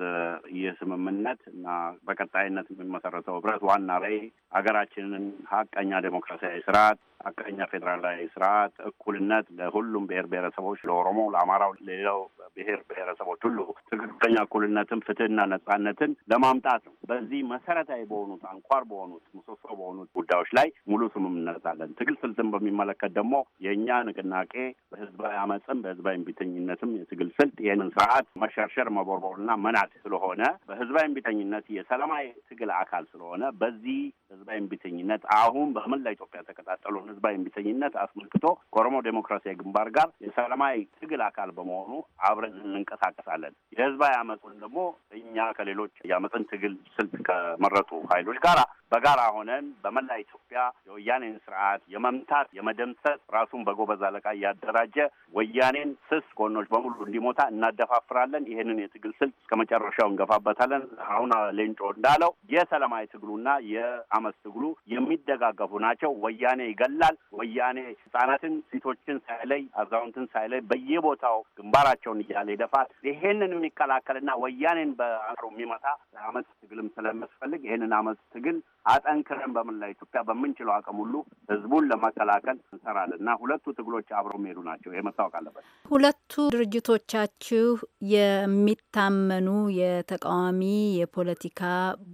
የስምምነት እና በቀጣይነት የሚመሰረተው ህብረት ዋና ላይ ሀገራችንን ሀቀኛ ዴሞክራሲያዊ ስርዓት፣ ሀቀኛ ፌዴራላዊ ስርዓት፣ እኩልነት ለሁሉም ብሔር ብሔረሰቦች፣ ለኦሮሞ፣ ለአማራው፣ ለሌላው ብሔር ብሔረሰቦች ሁሉ ትክክለኛ እኩልነትን፣ ፍትህና ነጻነትን ለማምጣት ነው። በዚህ መሰረታዊ በሆኑት አንኳር በሆኑት ምሰሶ በሆኑት ጉዳዮች ላይ ሙሉ ስምምነት አለን። ትግል ስልትን በሚመለከት ደግሞ የእኛ ንቅናቄ በህዝባዊ አመፅም በህዝባዊ እምቢተኝነትም የትግል ስልት ይህንን ስርዓት መሸርሸር መቦርቦርና መናት ስለሆነ በህዝባዊ እምቢተኝነት የሰላማዊ ትግል አካል ስለሆነ በዚህ ህዝባዊ እምቢተኝነት አሁን በመላ ኢትዮጵያ የተቀጣጠሉን ህዝባዊ እምቢተኝነት አስመልክቶ ከኦሮሞ ዴሞክራሲያዊ ግንባር ጋር የሰላማዊ ትግል አካል በመሆኑ አ አብረን እንንቀሳቀሳለን። የህዝባዊ አመፁን ደግሞ እኛ ከሌሎች የአመፅን ትግል ስልት ከመረጡ ኃይሎች ጋር በጋራ ሆነን በመላ ኢትዮጵያ የወያኔን ስርዓት የመምታት የመደምሰስ ራሱን በጎበዝ አለቃ እያደራጀ ወያኔን ስስ ጎኖች በሙሉ እንዲሞታ እናደፋፍራለን። ይህንን የትግል ስልት እስከ መጨረሻው እንገፋበታለን። አሁን ሌንጮ እንዳለው የሰላማዊ ትግሉና የአመፅ ትግሉ የሚደጋገፉ ናቸው። ወያኔ ይገላል። ወያኔ ህጻናትን፣ ሴቶችን ሳይለይ አዛውንትን ሳይለይ በየቦታው ግንባራቸውን እያለ ይደፋል። ይሄንን የሚከላከልና ወያኔን በአሩ የሚመታ አመፅ ትግልም ስለሚያስፈልግ ይሄንን አመፅ ትግል አጠንክረን በምን ላይ ኢትዮጵያ በምንችለው አቅም ሁሉ ህዝቡን ለመከላከል እንሰራለን እና ሁለቱ ትግሎች አብረው የሚሄዱ ናቸው። ይህ መታወቅ አለበት። ሁለቱ ድርጅቶቻችሁ የሚታመኑ የተቃዋሚ የፖለቲካ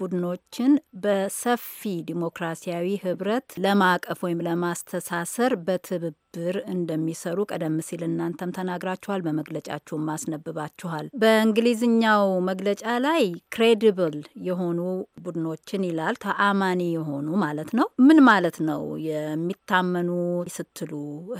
ቡድኖችን በሰፊ ዲሞክራሲያዊ ህብረት ለማቀፍ ወይም ለማስተሳሰር በትብብር እንደሚሰሩ ቀደም ሲል እናንተም ተናግራችኋል፣ በመግለጫችሁም አስነብባችኋል። በእንግሊዝኛው መግለጫ ላይ ክሬዲብል የሆኑ ቡድኖችን ይላል ተአማ ተአማኒ የሆኑ ማለት ነው። ምን ማለት ነው የሚታመኑ ስትሉ?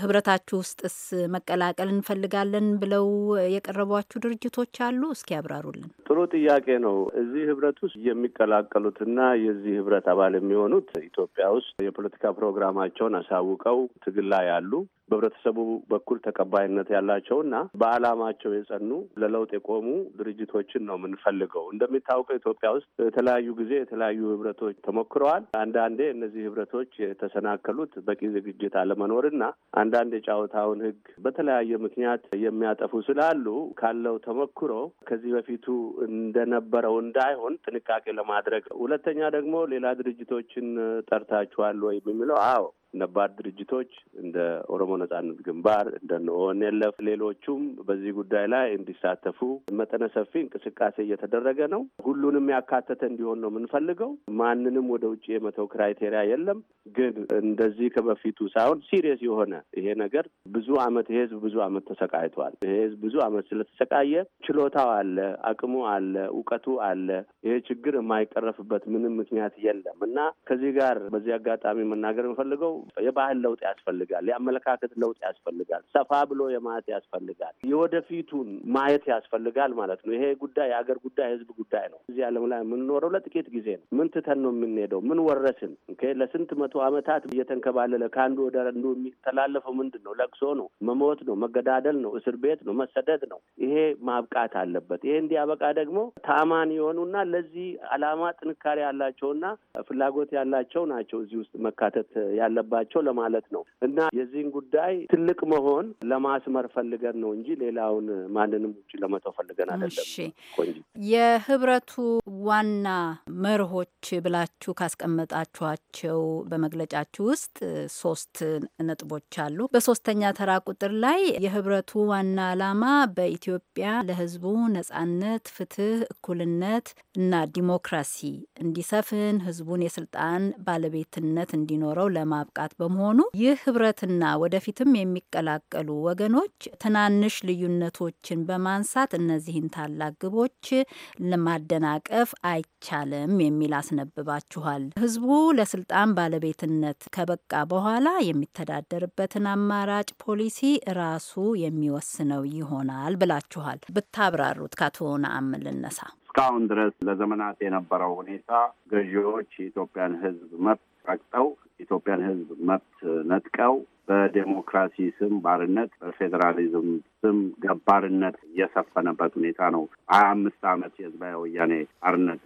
ህብረታችሁ ውስጥስ መቀላቀል እንፈልጋለን ብለው የቀረቧችሁ ድርጅቶች አሉ? እስኪ ያብራሩልን። ጥሩ ጥያቄ ነው። እዚህ ህብረት ውስጥ የሚቀላቀሉትና የዚህ ህብረት አባል የሚሆኑት ኢትዮጵያ ውስጥ የፖለቲካ ፕሮግራማቸውን አሳውቀው ትግል ላይ ያሉ በህብረተሰቡ በኩል ተቀባይነት ያላቸውና በዓላማቸው የጸኑ ለለውጥ የቆሙ ድርጅቶችን ነው የምንፈልገው። እንደሚታወቀው ኢትዮጵያ ውስጥ የተለያዩ ጊዜ የተለያዩ ህብረቶች ተሞ ሞክረዋል። አንዳንዴ እነዚህ ህብረቶች የተሰናከሉት በቂ ዝግጅት አለመኖርና አንዳንድ የጫዋታውን ህግ በተለያየ ምክንያት የሚያጠፉ ስላሉ ካለው ተሞክሮ ከዚህ በፊቱ እንደነበረው እንዳይሆን ጥንቃቄ ለማድረግ ሁለተኛ ደግሞ ሌላ ድርጅቶችን ጠርታችኋል ወይ የሚለው አዎ ነባር ድርጅቶች እንደ ኦሮሞ ነጻነት ግንባር እንደ ኦኔለፍ ሌሎቹም በዚህ ጉዳይ ላይ እንዲሳተፉ መጠነ ሰፊ እንቅስቃሴ እየተደረገ ነው። ሁሉንም ያካተተ እንዲሆን ነው የምንፈልገው። ማንንም ወደ ውጭ የመተው ክራይቴሪያ የለም። ግን እንደዚህ ከበፊቱ ሳይሆን ሲሪየስ የሆነ ይሄ ነገር ብዙ አመት ይሄ ህዝብ ብዙ አመት ተሰቃይቷል። ይሄ ህዝብ ብዙ አመት ስለተሰቃየ ችሎታው አለ፣ አቅሙ አለ፣ እውቀቱ አለ። ይሄ ችግር የማይቀረፍበት ምንም ምክንያት የለም እና ከዚህ ጋር በዚህ አጋጣሚ መናገር የምፈልገው የባህል ለውጥ ያስፈልጋል። የአመለካከት ለውጥ ያስፈልጋል። ሰፋ ብሎ የማየት ያስፈልጋል። የወደፊቱን ማየት ያስፈልጋል ማለት ነው። ይሄ ጉዳይ የሀገር ጉዳይ፣ የህዝብ ጉዳይ ነው። እዚህ ዓለም ላይ የምንኖረው ለጥቂት ጊዜ ነው። ምን ትተን ነው የምንሄደው? ምን ወረስን? ለስንት መቶ ዓመታት እየተንከባለለ ከአንዱ ወደ አንዱ የሚተላለፈው ምንድን ነው? ለቅሶ ነው፣ መሞት ነው፣ መገዳደል ነው፣ እስር ቤት ነው፣ መሰደድ ነው። ይሄ ማብቃት አለበት። ይሄ እንዲያበቃ ደግሞ ታማኝ የሆኑና ለዚህ ዓላማ ጥንካሬ ያላቸውና ፍላጎት ያላቸው ናቸው እዚህ ውስጥ መካተት ያለ አለባቸው ለማለት ነው እና የዚህን ጉዳይ ትልቅ መሆን ለማስመር ፈልገን ነው እንጂ ሌላውን ማንንም ውጭ ለመተው ፈልገን አይደለም። የህብረቱ ዋና መርሆች ብላችሁ ካስቀመጣችኋቸው በመግለጫችሁ ውስጥ ሶስት ነጥቦች አሉ። በሶስተኛ ተራ ቁጥር ላይ የህብረቱ ዋና ዓላማ በኢትዮጵያ ለህዝቡ ነጻነት፣ ፍትህ፣ እኩልነት እና ዲሞክራሲ እንዲሰፍን ህዝቡን የስልጣን ባለቤትነት እንዲኖረው ለማብ ማብቃት በመሆኑ ይህ ህብረትና ወደፊትም የሚቀላቀሉ ወገኖች ትናንሽ ልዩነቶችን በማንሳት እነዚህን ታላቅ ግቦች ለማደናቀፍ አይቻልም የሚል አስነብባችኋል። ህዝቡ ለስልጣን ባለቤትነት ከበቃ በኋላ የሚተዳደርበትን አማራጭ ፖሊሲ ራሱ የሚወስነው ይሆናል ብላችኋል። ብታብራሩት ከአቶ ነአምን ልነሳ። እስካሁን ድረስ ለዘመናት የነበረው ሁኔታ ገዢዎች የኢትዮጵያን ህዝብ መብት ረግጠው የኢትዮጵያን ሕዝብ መብት ነጥቀው በዴሞክራሲ ስም ባርነት፣ በፌዴራሊዝም ስም ገባርነት የሰፈነበት ሁኔታ ነው። ሀያ አምስት ዓመት የህዝባዊ ወያኔ አርነት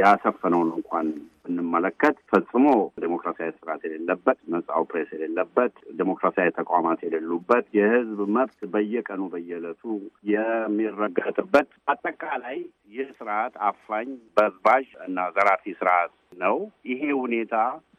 ያሰፈነውን እንኳን ብንመለከት ፈጽሞ ዴሞክራሲያዊ ስርዓት የሌለበት፣ ነጻው ፕሬስ የሌለበት፣ ዴሞክራሲያዊ ተቋማት የሌሉበት፣ የህዝብ መብት በየቀኑ በየዕለቱ የሚረገጥበት አጠቃላይ ይህ ስርዓት አፋኝ፣ በዝባዥ እና ዘራፊ ስርዓት ነው። ይሄ ሁኔታ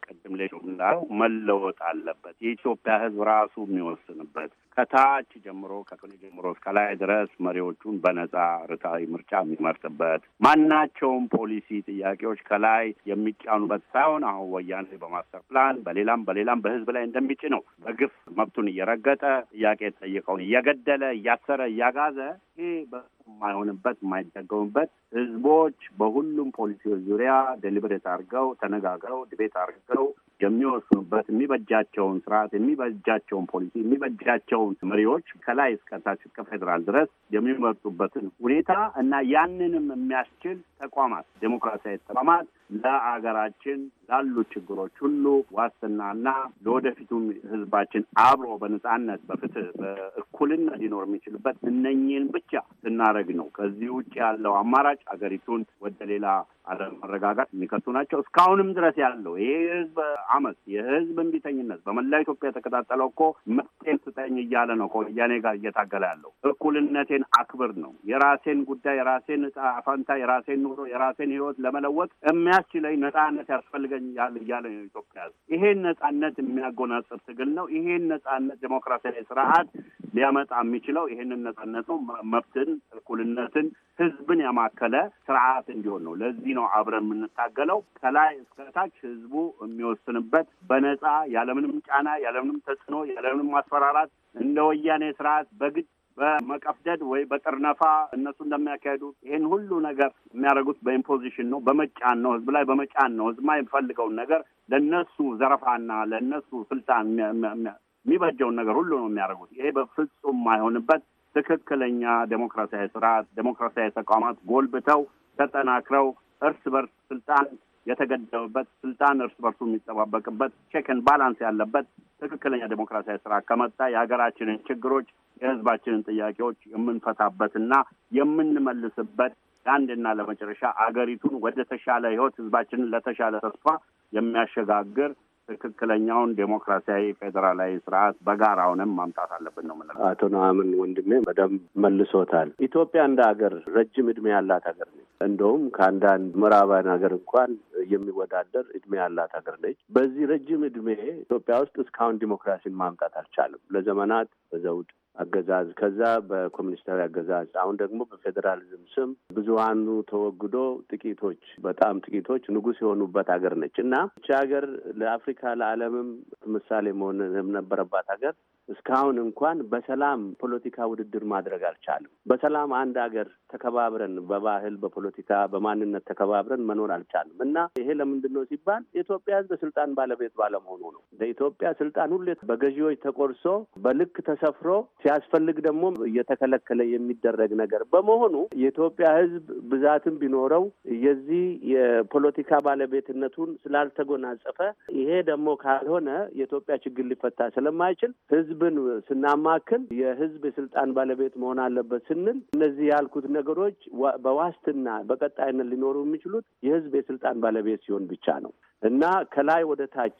ቅድም ላይ እንዳለው መለወጥ አለበት። የኢትዮጵያ ሕዝብ ራሱ የሚወስንበት ከታች ጀምሮ ከቅኔ ጀምሮ እስከ ላይ ድረስ መሪዎቹን በነጻ ርታዊ ምርጫ የሚመርጥበት ማናቸውም ፖሊሲ ጥያቄዎች ከላይ የሚጫኑበት ሳይሆን አሁን ወያኔ በማስተር ፕላን በሌላም በሌላም በህዝብ ላይ እንደሚጭነው በግፍ መብቱን እየረገጠ ጥያቄ ጠይቀውን እየገደለ እያሰረ እያጋዘ የማይሆንበት የማይደገሙበት ህዝቦች በሁሉም ፖሊሲዎች ዙሪያ ዴሊብሬት አድርገው ተነጋግረው ድቤት አድርገው የሚወስኑበት የሚበጃቸውን ስርዓት የሚበጃቸውን ፖሊሲ የሚበጃቸውን መሪዎች ከላይ እስከታች እስከ ፌዴራል ድረስ የሚመርጡበትን ሁኔታ እና ያንንም የሚያስችል ተቋማት ዴሞክራሲያዊ ተቋማት ለአገራችን ላሉ ችግሮች ሁሉ ዋስትናና ለወደፊቱም ህዝባችን አብሮ በነጻነት በፍትህ በእኩልነት ሊኖር የሚችልበት እነኝን ብቻ ስናደርግ ነው። ከዚህ ውጭ ያለው አማራጭ አገሪቱን ወደ ሌላ አለመረጋጋት የሚከቱ ናቸው። እስካሁንም ድረስ ያለው ይሄ የህዝብ አመፅ፣ የህዝብ እንቢተኝነት በመላ ኢትዮጵያ የተቀጣጠለው እኮ መፍትሄን ስጠኝ እያለ ነው ከወያኔ ጋር እየታገለ ያለው። እኩልነቴን አክብር ነው። የራሴን ጉዳይ፣ የራሴን አፋንታ ፈንታ፣ የራሴን ኑሮ፣ የራሴን ህይወት ለመለወጥ የሚያስችለኝ ነጻነት ያስፈልገ ያገኛል እያለ ነው ኢትዮጵያ ሕዝብ። ይሄን ነጻነት የሚያጎናጽፍ ትግል ነው። ይሄን ነጻነት ዴሞክራሲያዊ ስርዓት ሊያመጣ የሚችለው ይሄንን ነጻነት ነው። መብትን፣ እኩልነትን፣ ህዝብን ያማከለ ስርዓት እንዲሆን ነው። ለዚህ ነው አብረን የምንታገለው። ከላይ እስከታች ህዝቡ የሚወስንበት በነጻ ያለምንም ጫና፣ ያለምንም ተጽዕኖ፣ ያለምንም ማስፈራራት እንደ ወያኔ ስርዓት በግድ በመቀፍደድ ወይ በጥርነፋ እነሱ እንደሚያካሄዱት ይህን ሁሉ ነገር የሚያደርጉት በኢምፖዚሽን ነው፣ በመጫን ነው፣ ህዝብ ላይ በመጫን ነው። ህዝብ የሚፈልገውን ነገር ለነሱ ዘረፋና ለነሱ ስልጣን የሚበጀውን ነገር ሁሉ ነው የሚያደርጉት። ይሄ በፍጹም ማይሆንበት ትክክለኛ ዴሞክራሲያዊ ስርዓት ዴሞክራሲያዊ ተቋማት ጎልብተው ተጠናክረው እርስ በርስ ስልጣን የተገደበበት ስልጣን እርስ በርሱ የሚጠባበቅበት ቼክን ባላንስ ያለበት ትክክለኛ ዴሞክራሲያዊ ስራ ከመጣ የሀገራችንን ችግሮች የህዝባችንን ጥያቄዎች የምንፈታበትና የምንመልስበት ለአንድና ለመጨረሻ አገሪቱን ወደ ተሻለ ህይወት ህዝባችንን ለተሻለ ተስፋ የሚያሸጋግር ትክክለኛውን ዴሞክራሲያዊ ፌዴራላዊ ስርዓት በጋራውንም ማምጣት አለብን ነው ምንለው። አቶ ነአምን ወንድሜ በደንብ መልሶታል። ኢትዮጵያ እንደ ሀገር ረጅም እድሜ ያላት ሀገር ነች። እንደውም ከአንዳንድ ምዕራባን ሀገር እንኳን የሚወዳደር እድሜ ያላት ሀገር ነች። በዚህ ረጅም እድሜ ኢትዮጵያ ውስጥ እስካሁን ዲሞክራሲን ማምጣት አልቻለም። ለዘመናት በዘውድ አገዛዝ ከዛ በኮሚኒስታዊ አገዛዝ አሁን ደግሞ በፌዴራሊዝም ስም ብዙሀኑ ተወግዶ ጥቂቶች በጣም ጥቂቶች ንጉስ የሆኑበት ሀገር ነች እና ይቺ ሀገር ለአፍሪካ ለዓለምም ምሳሌ መሆን ነበረባት ሀገር እስካሁን እንኳን በሰላም ፖለቲካ ውድድር ማድረግ አልቻለም። በሰላም አንድ ሀገር ተከባብረን በባህል በፖለቲካ በማንነት ተከባብረን መኖር አልቻለም እና ይሄ ለምንድን ነው ሲባል የኢትዮጵያ ሕዝብ ስልጣን ባለቤት ባለመሆኑ ነው። ለኢትዮጵያ ስልጣን ሁሌ በገዢዎች ተቆርሶ በልክ ተሰፍሮ ሲያስፈልግ ደግሞ እየተከለከለ የሚደረግ ነገር በመሆኑ የኢትዮጵያ ሕዝብ ብዛትም ቢኖረው የዚህ የፖለቲካ ባለቤትነቱን ስላልተጎናጸፈ ይሄ ደግሞ ካልሆነ የኢትዮጵያ ችግር ሊፈታ ስለማይችል ሕዝብ ህዝብን ስናማክል የህዝብ የስልጣን ባለቤት መሆን አለበት ስንል እነዚህ ያልኩት ነገሮች በዋስትና በቀጣይነት ሊኖሩ የሚችሉት የህዝብ የስልጣን ባለቤት ሲሆን ብቻ ነው እና ከላይ ወደ ታች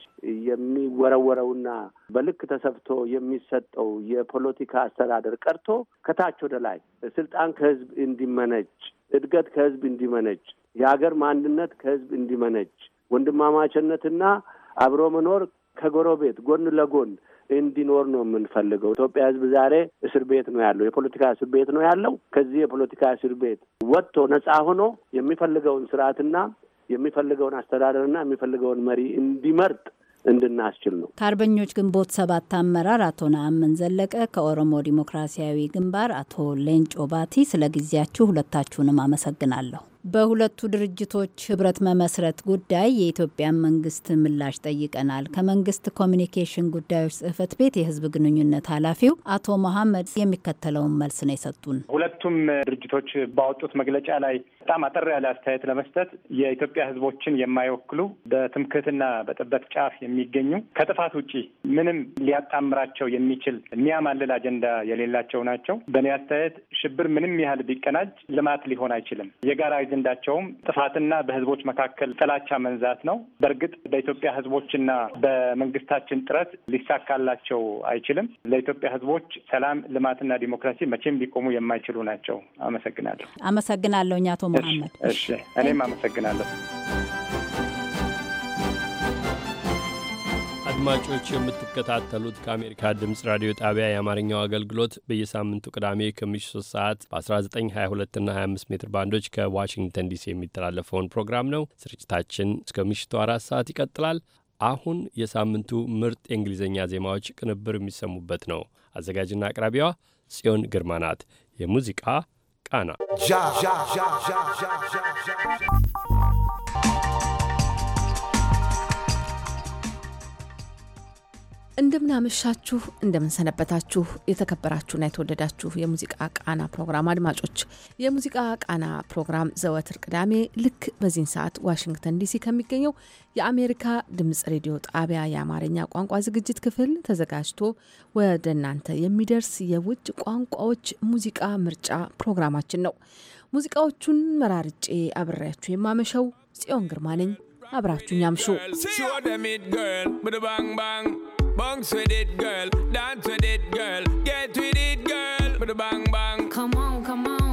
የሚወረወረውና በልክ ተሰፍቶ የሚሰጠው የፖለቲካ አስተዳደር ቀርቶ ከታች ወደ ላይ ስልጣን ከህዝብ እንዲመነጭ፣ እድገት ከህዝብ እንዲመነጭ፣ የሀገር ማንነት ከህዝብ እንዲመነጭ፣ ወንድማማችነትና አብሮ መኖር ከጎረቤት ጎን ለጎን እንዲኖር ነው የምንፈልገው። ኢትዮጵያ ህዝብ ዛሬ እስር ቤት ነው ያለው፣ የፖለቲካ እስር ቤት ነው ያለው። ከዚህ የፖለቲካ እስር ቤት ወጥቶ ነፃ ሆኖ የሚፈልገውን ስርዓትና የሚፈልገውን አስተዳደርና የሚፈልገውን መሪ እንዲመርጥ እንድናስችል ነው። ከአርበኞች ግንቦት ሰባት አመራር አቶ ነአምን ዘለቀ፣ ከኦሮሞ ዲሞክራሲያዊ ግንባር አቶ ሌንጮ ባቲ፣ ስለ ጊዜያችሁ ሁለታችሁንም አመሰግናለሁ። በሁለቱ ድርጅቶች ህብረት መመስረት ጉዳይ የኢትዮጵያን መንግስት ምላሽ ጠይቀናል። ከመንግስት ኮሚኒኬሽን ጉዳዮች ጽህፈት ቤት የህዝብ ግንኙነት ኃላፊው አቶ መሐመድ የሚከተለውን መልስ ነው የሰጡን። ሁለቱም ድርጅቶች ባወጡት መግለጫ ላይ በጣም አጠር ያለ አስተያየት ለመስጠት የኢትዮጵያ ህዝቦችን የማይወክሉ በትምክህትና በጥበት ጫፍ የሚገኙ ከጥፋት ውጪ ምንም ሊያጣምራቸው የሚችል የሚያማልል አጀንዳ የሌላቸው ናቸው። በእኔ አስተያየት ሽብር ምንም ያህል ቢቀናጅ ልማት ሊሆን አይችልም። የጋራ አጀንዳቸውም ጥፋትና በህዝቦች መካከል ጥላቻ መንዛት ነው። በእርግጥ በኢትዮጵያ ህዝቦችና በመንግስታችን ጥረት ሊሳካላቸው አይችልም። ለኢትዮጵያ ህዝቦች ሰላም፣ ልማትና ዲሞክራሲ መቼም ሊቆሙ የማይችሉ ናቸው። አመሰግናለሁ። አመሰግናለሁ አቶ መሀመድ። እሺ እኔም አመሰግናለሁ። አድማጮች የምትከታተሉት ከአሜሪካ ድምፅ ራዲዮ ጣቢያ የአማርኛው አገልግሎት በየሳምንቱ ቅዳሜ ከምሽቱ 3 ሰዓት በ1922 እና 25 ሜትር ባንዶች ከዋሽንግተን ዲሲ የሚተላለፈውን ፕሮግራም ነው። ስርጭታችን እስከ ምሽቱ አራት ሰዓት ይቀጥላል። አሁን የሳምንቱ ምርጥ የእንግሊዝኛ ዜማዎች ቅንብር የሚሰሙበት ነው። አዘጋጅና አቅራቢዋ ጽዮን ግርማ ናት። የሙዚቃ ቃና እንደምናመሻችሁ እንደምንሰነበታችሁ የተከበራችሁና የተወደዳችሁ የሙዚቃ ቃና ፕሮግራም አድማጮች የሙዚቃ ቃና ፕሮግራም ዘወትር ቅዳሜ ልክ በዚህን ሰዓት ዋሽንግተን ዲሲ ከሚገኘው የአሜሪካ ድምፅ ሬዲዮ ጣቢያ የአማርኛ ቋንቋ ዝግጅት ክፍል ተዘጋጅቶ ወደ እናንተ የሚደርስ የውጭ ቋንቋዎች ሙዚቃ ምርጫ ፕሮግራማችን ነው። ሙዚቃዎቹን መራርጬ አብሬያችሁ የማመሸው ጽዮን ግርማ ነኝ። አብራችሁኝ አምሹ። Bounce with it, girl. Dance with it, girl. Get with it, girl. Bada bang bang. Come on, come on.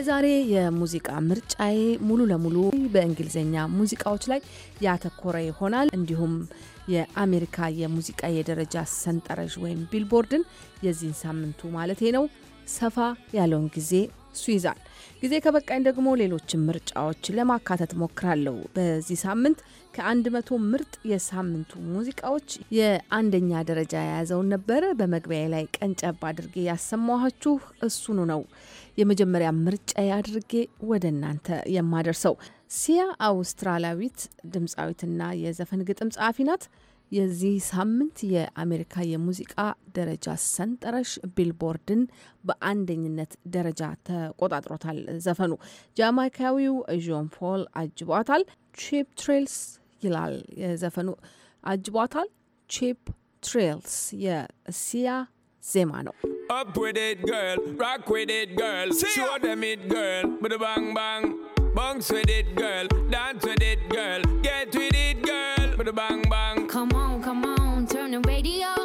የዛሬ የሙዚቃ ምርጫዬ ሙሉ ለሙሉ በእንግሊዝኛ ሙዚቃዎች ላይ ያተኮረ ይሆናል። እንዲሁም የአሜሪካ የሙዚቃ የደረጃ ሰንጠረዥ ወይም ቢልቦርድን የዚህን ሳምንቱ ማለቴ ነው ሰፋ ያለውን ጊዜ እሱ ይዛል። ጊዜ ከበቃኝ ደግሞ ሌሎችን ምርጫዎች ለማካተት ሞክራለሁ። በዚህ ሳምንት ከአንድ መቶ ምርጥ የሳምንቱ ሙዚቃዎች የአንደኛ ደረጃ የያዘውን ነበረ። በመግቢያ ላይ ቀንጨብ አድርጌ ያሰማኋችሁ እሱኑ ነው። የመጀመሪያ ምርጫ አድርጌ ወደ እናንተ የማደርሰው ሲያ አውስትራሊያዊት ድምፃዊትና የዘፈን ግጥም ጸሐፊ ናት። የዚህ ሳምንት የአሜሪካ የሙዚቃ ደረጃ ሰንጠረዥ ቢልቦርድን በአንደኝነት ደረጃ ተቆጣጥሮታል። ዘፈኑ ጃማይካዊው ዦን ፖል አጅቧታል። ቺፕ ትሬልስ ይላል የዘፈኑ አጅቧታል። ቺፕ ትሬልስ የሲያ Zemano. Up with it, girl. Rock with it, girl. See Show them it, girl. a bang bang. Bang with it, girl. Dance with it, girl. Get with it, girl. a bang bang. Come on, come on. Turn the radio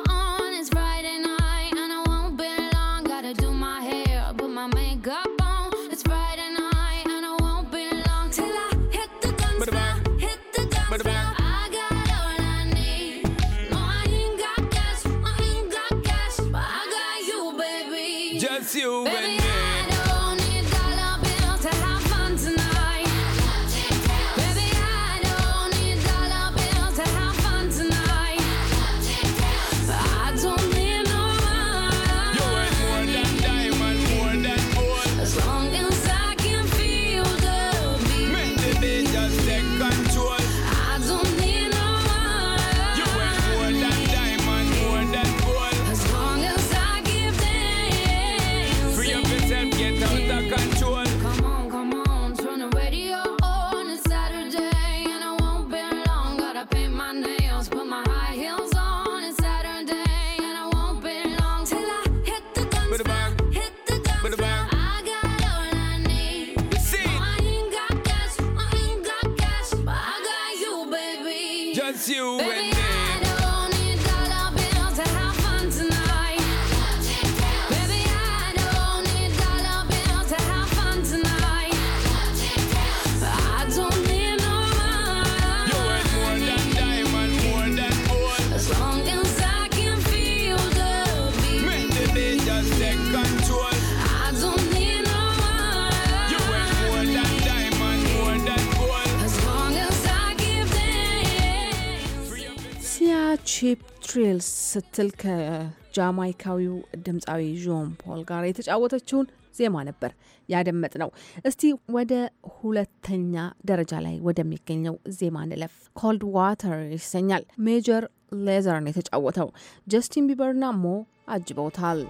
ቺፕ ትሪልስ ስትል ከጃማይካዊው ድምፃዊ ዦን ፖል ጋር የተጫወተችውን ዜማ ነበር ያደመጥ ነው። እስቲ ወደ ሁለተኛ ደረጃ ላይ ወደሚገኘው ዜማ ንለፍ። ኮልድ ዋተር ይሰኛል። ሜጀር ሌዘር ነው የተጫወተው። ጀስቲን ቢበርና ሞ አጅበውታል።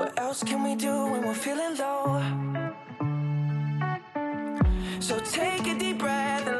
What else can we do when we're feeling low? So take a deep breath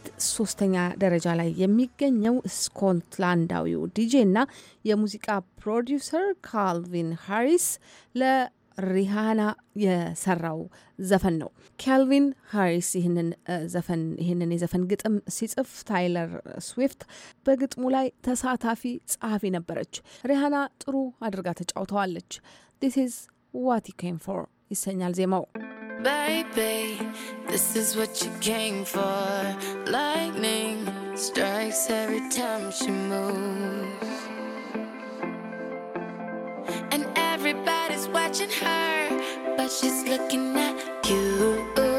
ሶስተኛ ደረጃ ላይ የሚገኘው ስኮትላንዳዊው ዲጄ እና የሙዚቃ ፕሮዲውሰር ካልቪን ሃሪስ ለሪሃና የሰራው ዘፈን ነው። ካልቪን ሃሪስ ይህንን ዘፈን ይህንን የዘፈን ግጥም ሲጽፍ ታይለር ስዊፍት በግጥሙ ላይ ተሳታፊ ጸሐፊ ነበረች። ሪሃና ጥሩ አድርጋ ተጫውተዋለች። ዲስ ኢዝ ዋት ዩ ኬም ፎር ይሰኛል ዜማው። Baby, this is what you came for. Lightning strikes every time she moves. And everybody's watching her, but she's looking at you.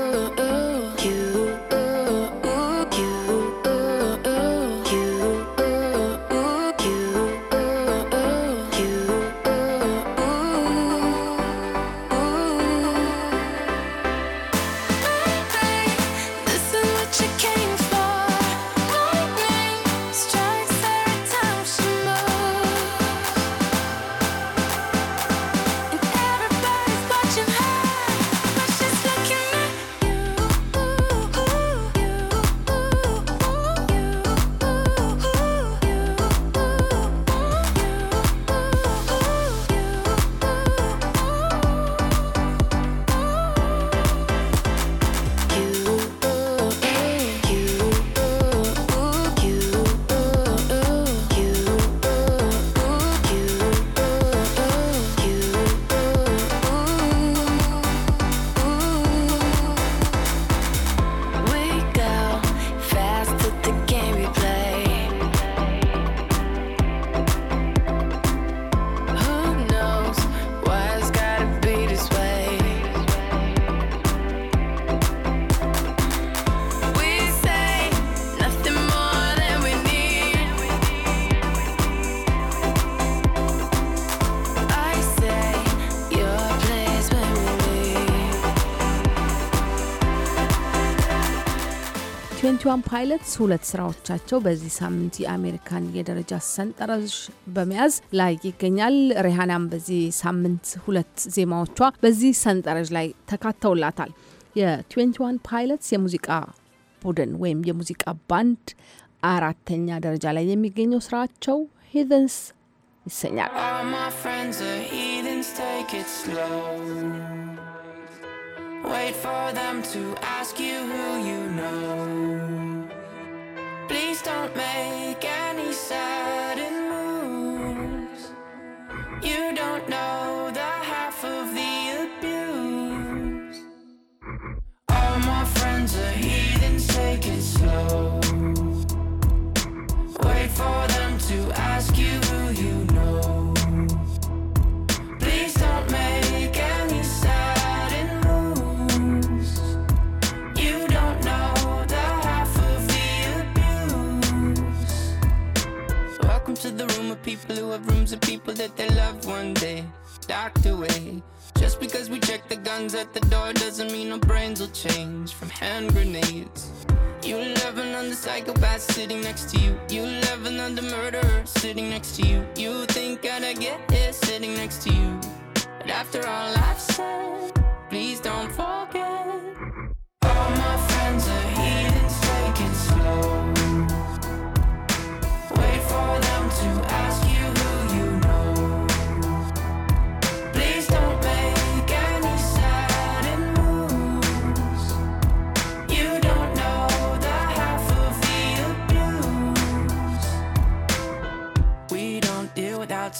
የኢትዮጵያን ፓይለትስ ሁለት ስራዎቻቸው በዚህ ሳምንት የአሜሪካን የደረጃ ሰንጠረዥ በመያዝ ላይ ይገኛል። ሬሃናም በዚህ ሳምንት ሁለት ዜማዎቿ በዚህ ሰንጠረዥ ላይ ተካተውላታል። የ21 ፓይለትስ የሙዚቃ ቡድን ወይም የሙዚቃ ባንድ አራተኛ ደረጃ ላይ የሚገኘው ስራቸው ሂደንስ ይሰኛል። Wait for them to ask you who you know. Please don't make any sudden moves. You don't know the half of the abuse. All my friends are heathens, take it slow. Wait for them to ask you who you know. people who have rooms of people that they love one day docked away. Just because we check the guns at the door doesn't mean our brains will change from hand grenades. You love another psychopath sitting next to you. You love another murderer sitting next to you. You think I'd get it sitting next to you. But after all I've said, please don't forget. All my friends are heathens, taking slow.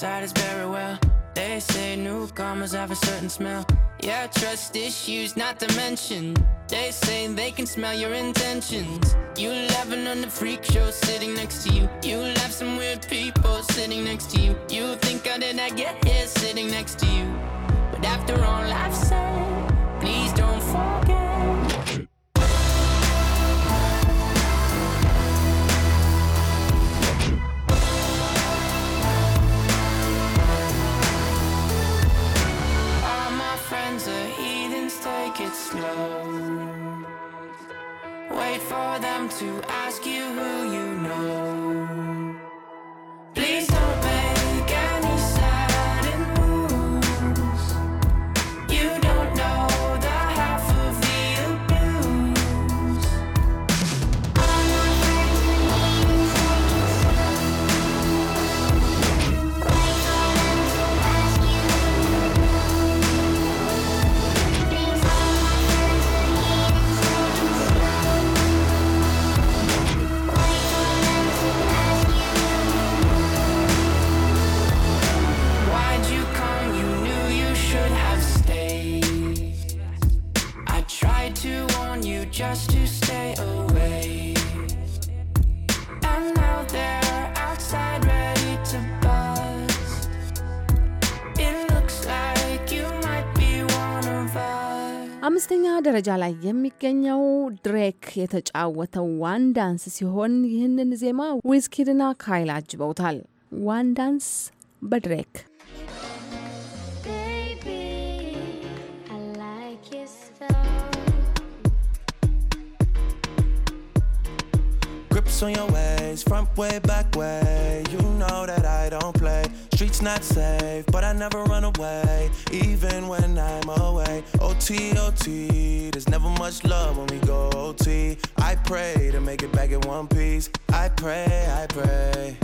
outside is very well. They say newcomers have a certain smell. Yeah, trust issues not to mention. They say they can smell your intentions. You laughing on the freak show sitting next to you. You laugh some weird people sitting next to you. You think I did not get here sitting next to you? But after all I've said, please don't forget. it slow. Wait for them to ask you who you know. Please don't. ደረጃ ላይ የሚገኘው ድሬክ የተጫወተው ዋን ዳንስ ሲሆን ይህንን ዜማ ዊዝኪድና ካይል አጅበውታል። ዋን ዳንስ በድሬክ hips on your ways, front way, back way. You know that I don't play. Streets not safe, but I never run away, even when I'm away. OT, OT, there's never much love when we go OT. I pray to make it back in one piece. I pray, I pray.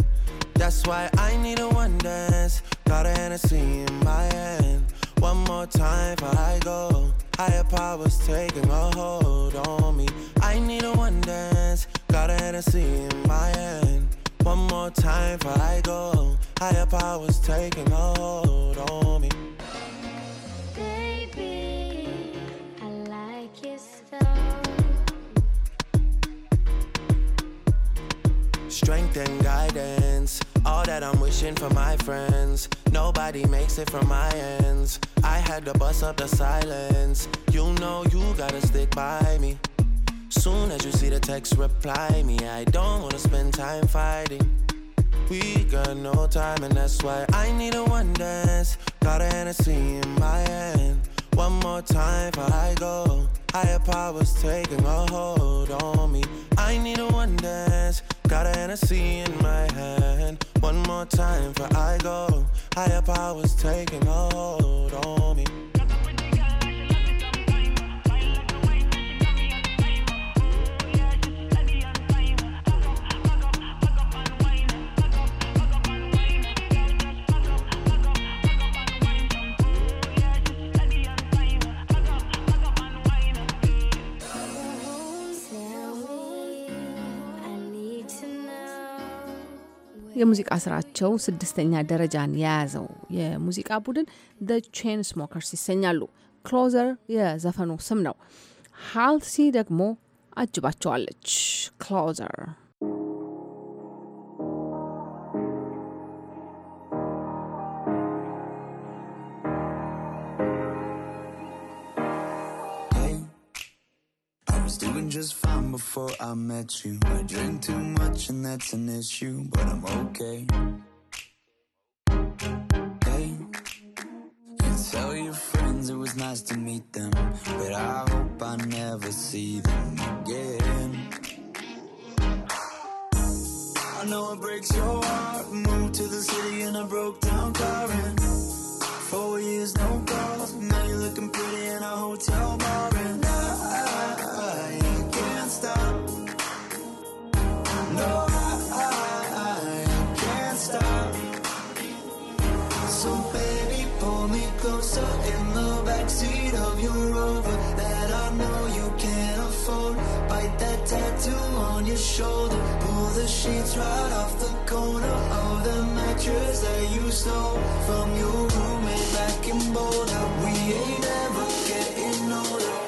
That's why I need a one dance. Got a Hennessy in my hand. One more time before I go. Higher powers taking a hold on me. I need a one dance. Got a Hennessy in my hand. One more time for I go. Higher powers taking hold on me. Baby, I like your style. Strength and guidance. All that I'm wishing for my friends. Nobody makes it from my ends. I had to bust up the silence. You know you gotta stick by me. Soon as you see the text, reply me. I don't wanna spend time fighting. We got no time, and that's why I need a one dance. Got a Hennessy in my hand. One more time before I go. Higher powers taking a hold on me. I need a one dance. Got a Hennessy in my hand. One more time before I go. Higher powers taking a hold on me. የሙዚቃ ስራቸው ስድስተኛ ደረጃን የያዘው የሙዚቃ ቡድን ደ ቼን ስሞከርስ ይሰኛሉ። ክሎዘር የዘፈኑ ስም ነው። ሃልሲ ደግሞ አጅባቸዋለች። ክሎዘር before I met you. I drink too much and that's an issue, but I'm okay. Hey, you tell your friends it was nice to meet them, but I hope I never see them again. I know it breaks your heart. Moved to the city in a broke down car. And four years, no calls. Now you're looking pretty in a hotel bar. And So baby, pull me closer in the backseat of your Rover that I know you can't afford. Bite that tattoo on your shoulder. Pull the sheets right off the corner of the mattress that you stole from your roommate back in Boulder. We ain't ever getting older.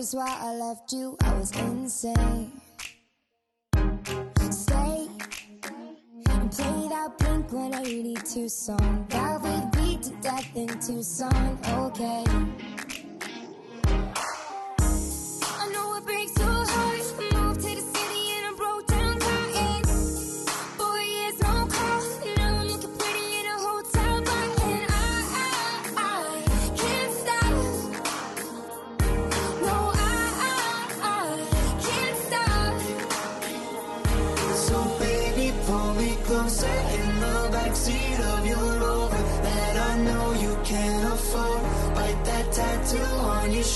Just why I left you. I was insane. Stay and play that Blink 182 song that we beat to death in Tucson. Okay.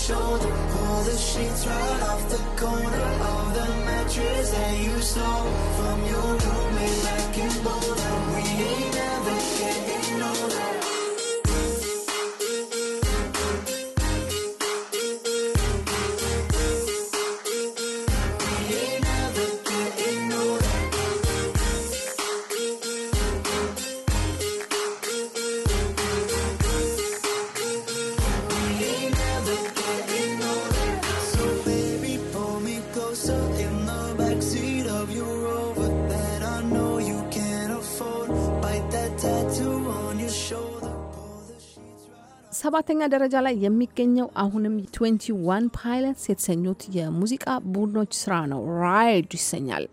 shoulder Pull the sheets right off the corner Of the mattress that you stole From your roommate back in Boulder We ain't never getting older ሰባተኛ ደረጃ ላይ የሚገኘው አሁንም 21 ፓይለትስ የተሰኙት የሙዚቃ ቡድኖች ስራ ነው። ራይድ ይሰኛል።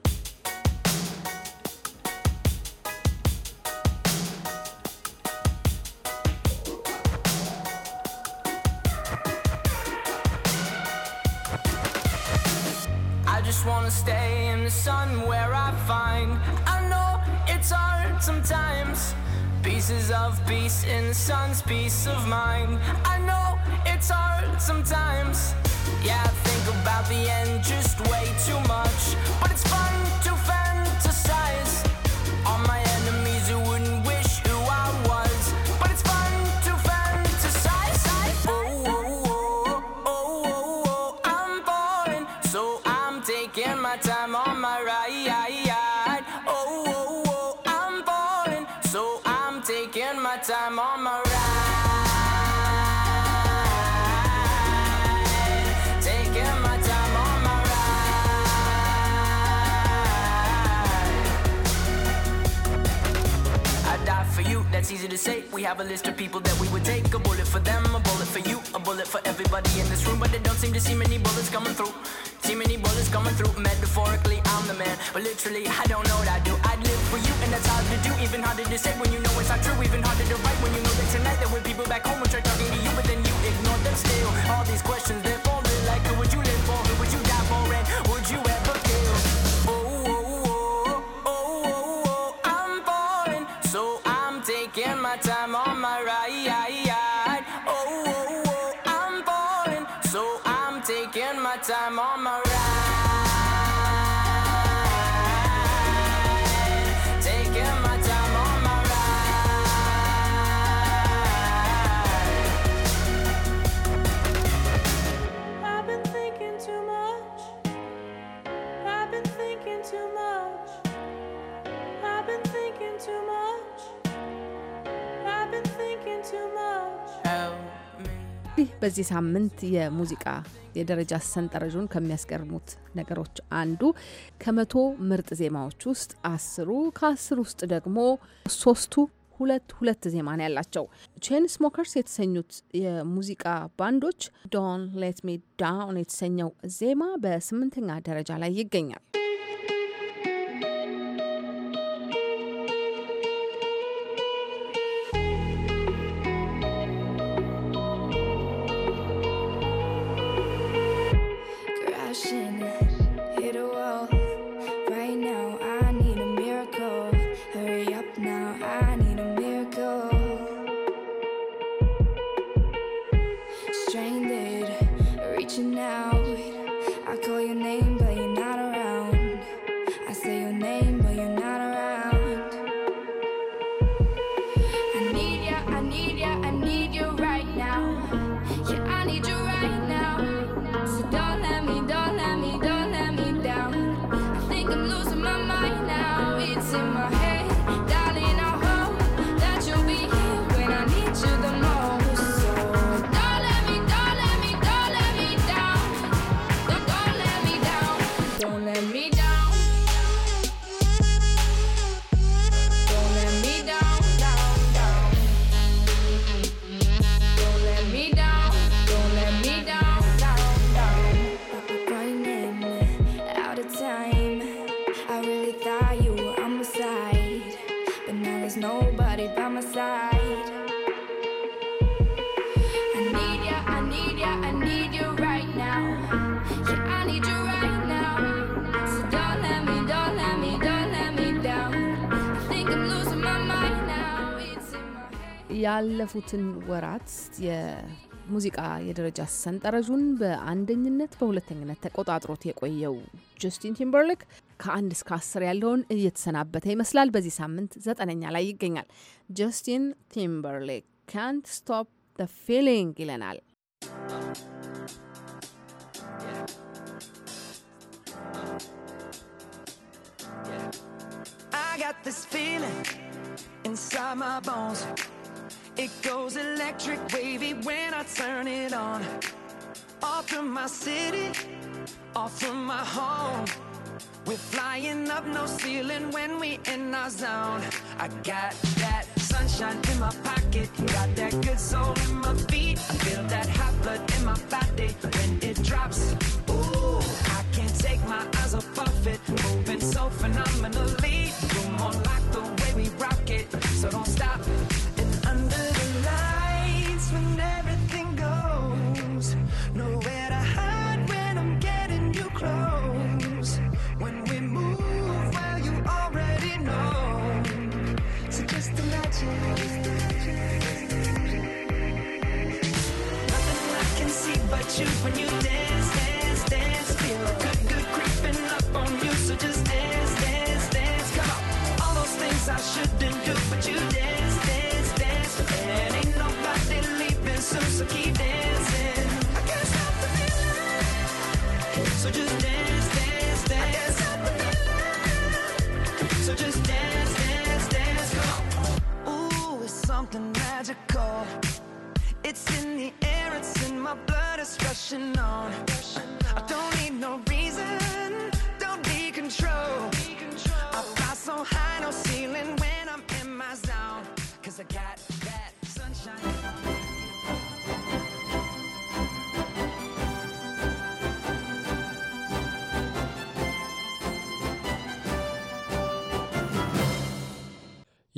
pieces of peace in the sun's peace of mind. I know it's hard sometimes. Yeah, I think about the end just way too much, but it's fun to That's easy to say. We have a list of people that we would take. A bullet for them, a bullet for you, a bullet for everybody in this room. But they don't seem to see many bullets coming through. See many bullets coming through. Metaphorically, I'm the man. But literally, I don't know what I do. I'd live for you, and that's hard to do. Even harder to say when you know it's not true. Even harder to write when you know that tonight there were people back home which are talking to you, but then you ignore them still. All these questions. time በዚህ ሳምንት የሙዚቃ የደረጃ ሰንጠረዥን ከሚያስገርሙት ነገሮች አንዱ ከመቶ ምርጥ ዜማዎች ውስጥ አስሩ ከአስር ውስጥ ደግሞ ሶስቱ ሁለት ሁለት ዜማ ነው ያላቸው ቼን ስሞከርስ የተሰኙት የሙዚቃ ባንዶች ዶን ሌት ሚ ዳውን የተሰኘው ዜማ በስምንተኛ ደረጃ ላይ ይገኛል። in my head ያለፉትን ወራት የሙዚቃ የደረጃ ሰንጠረዡን በአንደኝነት በሁለተኝነት ተቆጣጥሮት የቆየው ጀስቲን ቲምበርሊክ ከአንድ እስከ አስር ያለውን እየተሰናበተ ይመስላል። በዚህ ሳምንት ዘጠነኛ ላይ ይገኛል። ጀስቲን ቲምበርሊክ ካንት ስቶፕ ዘ ፊሊንግ ይለናል። I got this feeling inside my bones It goes electric wavy when I turn it on. Off from my city, off from my home. We're flying up no ceiling when we in our zone. I got that sunshine in my pocket, got that good soul in my feet. I feel that hot blood in my body when it drops. Ooh, I can't take my eyes off it, moving so phenomenally. Come on, like the way we rock it, so don't stop and every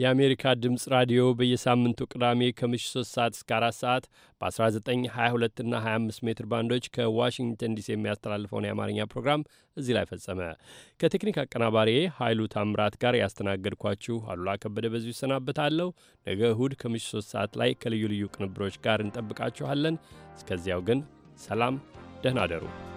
የአሜሪካ ድምፅ ራዲዮ በየሳምንቱ ቅዳሜ ከምሽ 3 ሰዓት እስከ 4 ሰዓት በ1922 እና 25 ሜትር ባንዶች ከዋሽንግተን ዲሲ የሚያስተላልፈውን የአማርኛ ፕሮግራም እዚህ ላይ ፈጸመ። ከቴክኒክ አቀናባሪ ኃይሉ ታምራት ጋር ያስተናገድኳችሁ አሉላ ከበደ በዚሁ ይሰናበታለሁ። ነገ እሁድ ከምሽ 3 ሰዓት ላይ ከልዩ ልዩ ቅንብሮች ጋር እንጠብቃችኋለን። እስከዚያው ግን ሰላም፣ ደህና አደሩ።